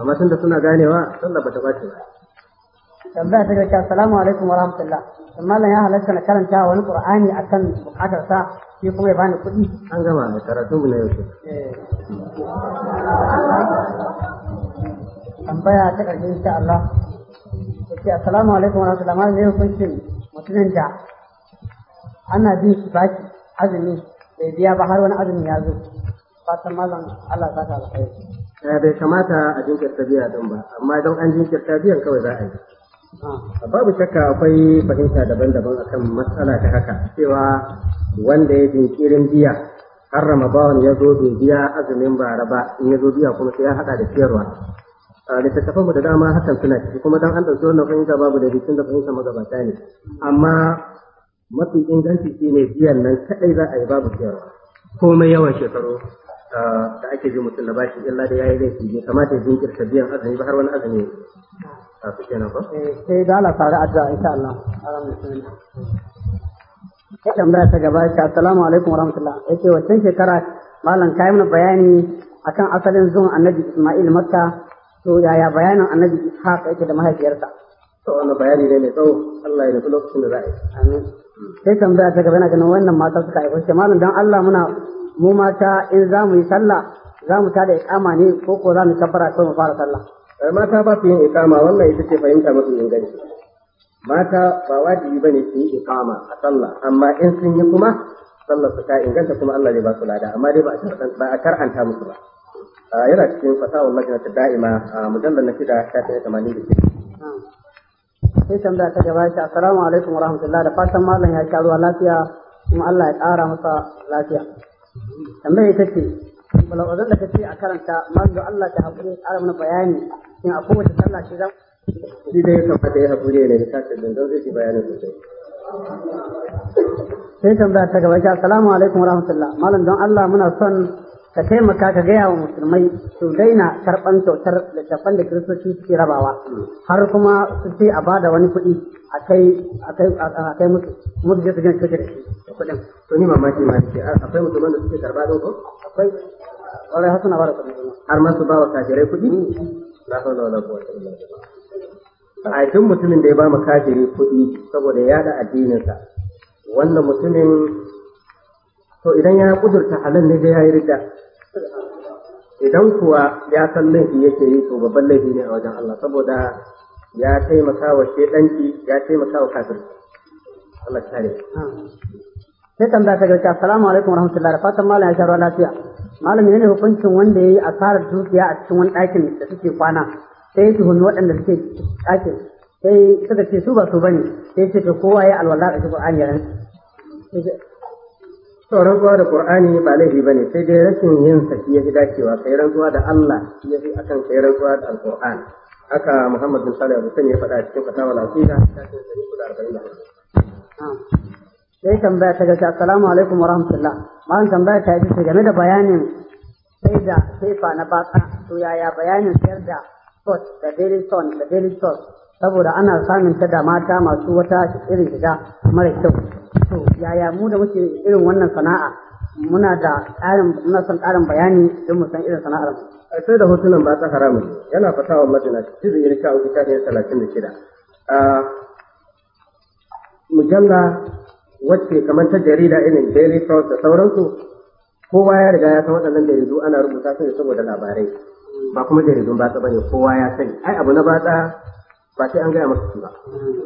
amma da suna ganewa sallah ta bace ba tambaya ta gaske assalamu alaikum wa rahmatullah mallan ya halatta na karanta wani qur'ani akan bukatar sa shi kuma ya bani kuɗi an gama da karatu mu na yau eh. tambaya ta karshe insha Allah yake assalamu alaikum wa rahmatullah mallan ne hukuncin mutumin da ana bin shi baki azumi bai biya ba har wani azumi ya zo fatan mazan Allah ta saka alkhairi eh, bai kamata a jinkirta biya don ba amma don an jinkirta biyan kawai za a yi ah. Ah, babu shakka akwai fahimta daban-daban akan matsala ta haka cewa wanda ya jinkirin biya har ramadan ya zo bai biya azumin bara ba in ya zo biya kuma sai ya hada da ciyarwa ah, mu da dama hakan suna ciki kuma don an ɗauki wannan fahimta babu da bikin da fahimta magabata ne amma mafi inganci shi ne biyan nan kadai za a yi babu biyarwa komai yawan shekaru ah, da ake bi mutum da bashi illa da yayi laifi bai kamata ya jinkirta biyan azumi ba har wani azumi a su kenan ko eh da Allah tare addu'a insha Allah ya tambaya ta gaba ta assalamu alaikum wa rahmatullah yace wancan shekara malam kai mana bayani akan asalin zuwan annabi Isma'il Makka to yaya bayanin annabi Ishaq yake da mahaifiyarsa to wannan bayani ne mai tsawo Allah ya nufi lokacin da za a yi amin sai tambaya ta gaba yana ganin wannan mata suka haifa shi malam dan Allah muna mu mata in za mu yi sallah za mu tada iqama ne ko ko za mu tabbara sai mu fara sallah eh, mata ba su yin iqama wannan ita ce fahimta mafi inganci mata ba wajibi bane su yi iqama a sallah amma in sun yi kuma sallar su ta inganta kuma Allah zai ba su lada amma dai ba a karanta musu ba ah, yana cikin fasahar majalisar da'ima a ah, mujallar na shida ta 86 sai tambaya ta gaba shi assalamu alaikum wa rahmatullah da fatan malam ya sha ruwa lafiya kuma Allah ya ƙara masa lafiya tambaya ita ce balawazan da kace a karanta manzo Allah ta hakuri ƙara mana bayani in a kowace sallah shi zan shi dai kamata ya hakuri ne da kafin dan zai shi bayani sosai sai tambaya ta gaba shi assalamu alaikum wa rahmatullah malam don Allah muna son ka taimaka ka gaya wa musulmai su daina karɓan kyautar da littattafan da kiristoci suke rabawa har kuma su ce a bada wani kuɗi a kai musu musu je su gina kyautar da shi da kuɗin. to ni mamaki ma ce akwai musulman da suke karɓa da akwai wani hasu na ba kuɗi. har ma su ba wa kafirai kuɗi. Mm. na san da wani abuwa a duk mutumin da ya ba mu kafiri kuɗi saboda ya da addininsa wanda mutumin to idan ya kudurta halin ne da ya yi rida idan kuwa ya san laifi yake yi to babban laifi ne a wajen Allah saboda ya taimaka wa shedanci ya taimaka wa kafir Allah ya kare sai tambaya ta gaske assalamu alaikum wa fatan malam ya sharo lafiya malam ne hukuncin wanda yayi asarar dukiya a cikin wani ɗakin da suke kwana sai ya hulmi waɗanda suke ɗakin sai suka ce su ba su bane sai ce to kowa ya alwala da Qur'ani ya to rantsuwa da qur'ani ba laifi ba ne sai dai rashin yin sa shi yafi dacewa kai rantsuwa da Allah ya fi akan kai rantsuwa da alqur'ani haka Muhammad bin Salih Abu ya faɗa cikin fatawa lafiya sai tambaya ta gaske assalamu alaikum wa rahmatullah malam tambaya ta ce game da bayanin sai da saifa na baka to yaya bayanin sayar da sot da daily son da daily sot saboda ana samun ta da mata masu wata irin shiga mara kyau to yaya mu da muke irin wannan sana'a muna da ƙarin muna son ƙarin bayani don mu san irin sana'ar mu sai da hotunan ba ta haramun yana wa madina cikin irka a ne talatin da shida mujalla wacce kamar ta jarida irin daily trust da sauransu kowa ya riga ya san waɗannan jaridu ana rubuta su ne saboda labarai ba kuma jaridun ba ta bane kowa ya sani ai abu na ba ba sai an gaya maka su ba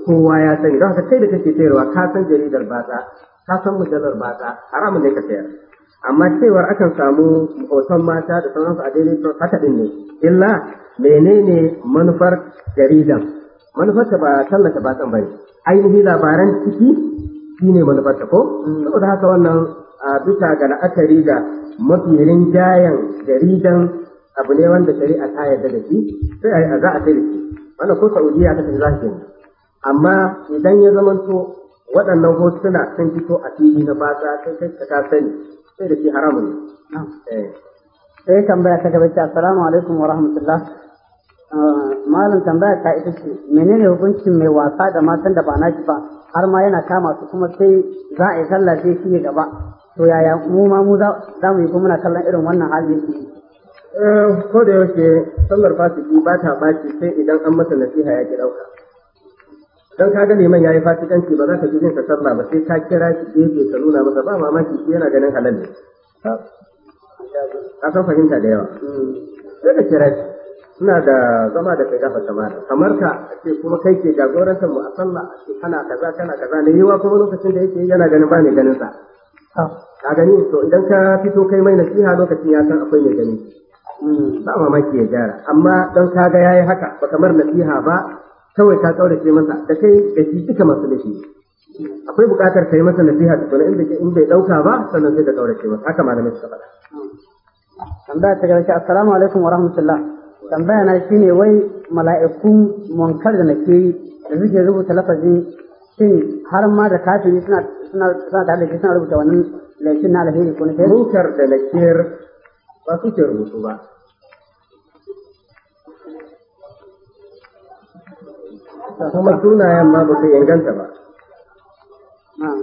kowa ya sani don haka kai da kake sayarwa ka san jaridar batsa ka san mujallar batsa haramun ne ka sayar amma cewar akan samu hoton mata da sauransu a daidai to haka din ne illa menene manufar jaridan manufar ta ba tallata ba batsan bane ainihi labaran ciki shine manufar ta ko saboda haka wannan a bisa ga la'akari da mafi rinjayen jaridan abu ne wanda shari'a ta yarda da shi sai a za a sai da shi wannan ko Saudiya ta za su yi amma idan ya to waɗannan hotuna sun fito a fili na baza sai kai ka sani sai da shi haramun ne eh. sai tambaya ta gaba ce assalamu alaikum wa rahmatullah ah, malam tambaya ta ita ce menene hukuncin mai wasa da matan da ba naki ba har ma yana kama su kuma sai za a yi sallah sai shi ne gaba to yaya mu ma mu za mu yi kuma muna kallon irin wannan hali yake Eh, ko da yaushe sallar fasiki ba ta baci sai idan an masa nasiha ya ki ɗauka dan ka ga liman yayi fasikanci ba za ka ji jin sallah ba sai ka kira shi gefe ka nuna masa ba mamaki shi yana ganin halal ne ka san fahimta da yawa sai ka kira shi suna da zama da kai gafa samara kamar ka ce kuma kai ke jagorantar mu a sallah a ce kana kaza kana kaza ne yiwa kuma lokacin da yake yana ganin ba ne ganin sa ka gani to idan ka fito kai mai nasiha lokacin ya san akwai mai gani Hmm, ba mamaki ya gyara amma don kaga yayi haka ba kamar nasiha ba kawai ka ce masa da kai da shi duka masu laifi akwai buƙatar kai masa nasiha da kuma inda in bai dauka ba sannan sai ka ce masa haka malamai suka faɗa tambaya ta gaske assalamu alaikum wa rahmatullah tambaya na shine wai mala'ikun munkar da nake yi da suke rubuta lafazin shin har ma da kafin suna suna suna da suna rubuta wannan laifin na alheri ko na munkar da nakir ba suke rubutu ba kuma sunayen ma ba su inganta ba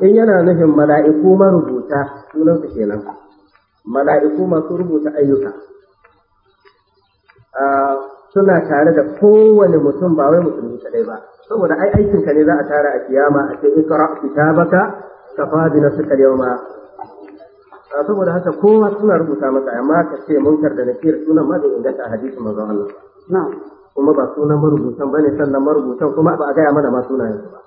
in yana nufin mala'iku marubuta sunansu kenan mala'iku masu rubuta ayyuka ah, suna tare da kowane mutum ba wai musulmi kadai ba saboda ai aikinka ne za a tara a kiyama a ce ikra kitabaka kafa bi nafsika yawma saboda haka kowa suna rubuta masa amma ka ce munkar da nakir sunan ma bai inganta a hadisin manzon Allah ba kuma ba sunan marubutan bane sannan marubutan kuma ba a gaya mana ma sunayen ba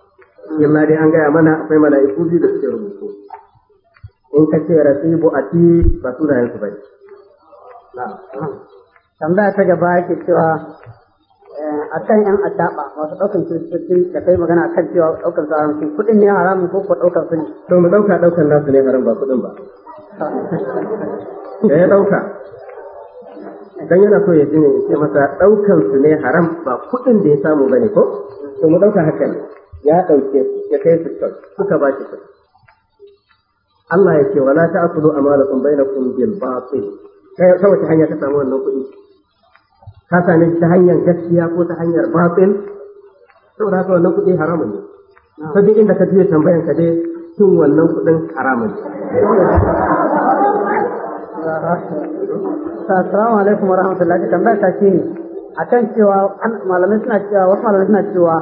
illa dai an gaya mana akwai mala'iku biyu da suke rubutu in ka ce rasibu ati ba sunayen su bane tambaya ta gaba yake cewa eh, a kan yan addaba wasu ɗaukan kiristoci da kai magana kan cewa ɗaukan su haram kuɗin ne haramun ko ko ɗaukan su ne to mu ɗauka ɗaukan nasu ne haram ba kuɗin ba da ya ɗauka don yana so ya ji ne ce masa ɗaukan su ne haram ba kuɗin da ya samu ba ne ko to mu ɗauka haka ne ya ɗauke su ya kai su kyau suka ba shi kuɗi Allah ya ce wala ta'kulu amalakum bainakum bil batil kai ta wace hanya ka samu wannan kuɗi ka same ta hanyar gaskiya ko ta hanyar batil saboda haka wannan kuɗi haramun ne ta duk inda ka je tambayan ka dai tun wannan kuɗin haramun ne Assalamu alaikum wa rahmatullahi tambaya ta shi ne kan cewa malamai suna cewa wasu malamai suna cewa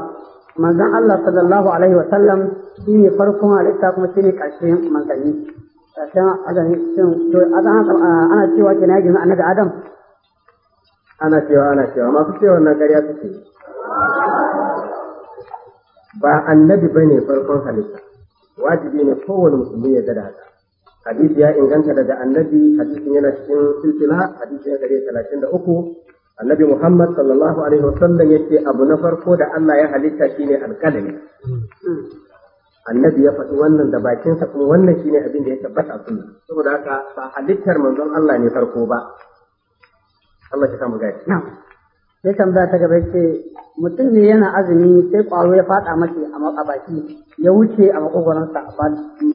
manzan Allah sallallahu alaihi wa sallam ne farkon halitta kuma shi ne karshen manzanni karshen azan shin to azan ana cewa kina gina annabi Adam ana cewa ana cewa masu cewa wannan ƙarya suke ba annabi bane farkon halitta wajibi ne kowane musulmi ya gada haka hadisi ya inganta daga annabi hadisin yana cikin silsila hadisi na gare talatin da uku annabi muhammad sallallahu alaihi wasallam ya ce abu na farko da allah ya halitta shine alkalami annabi ya faɗi wannan da bakinsa kuma wannan shine abin da ya tabbata a sunna saboda haka ba halittar manzon allah ne farko ba allah ya samu gaji sai tambaya ta gaba ce mutum ne yana azumi sai ƙwaro ya faɗa mace a baki ya wuce a makogwaronsa a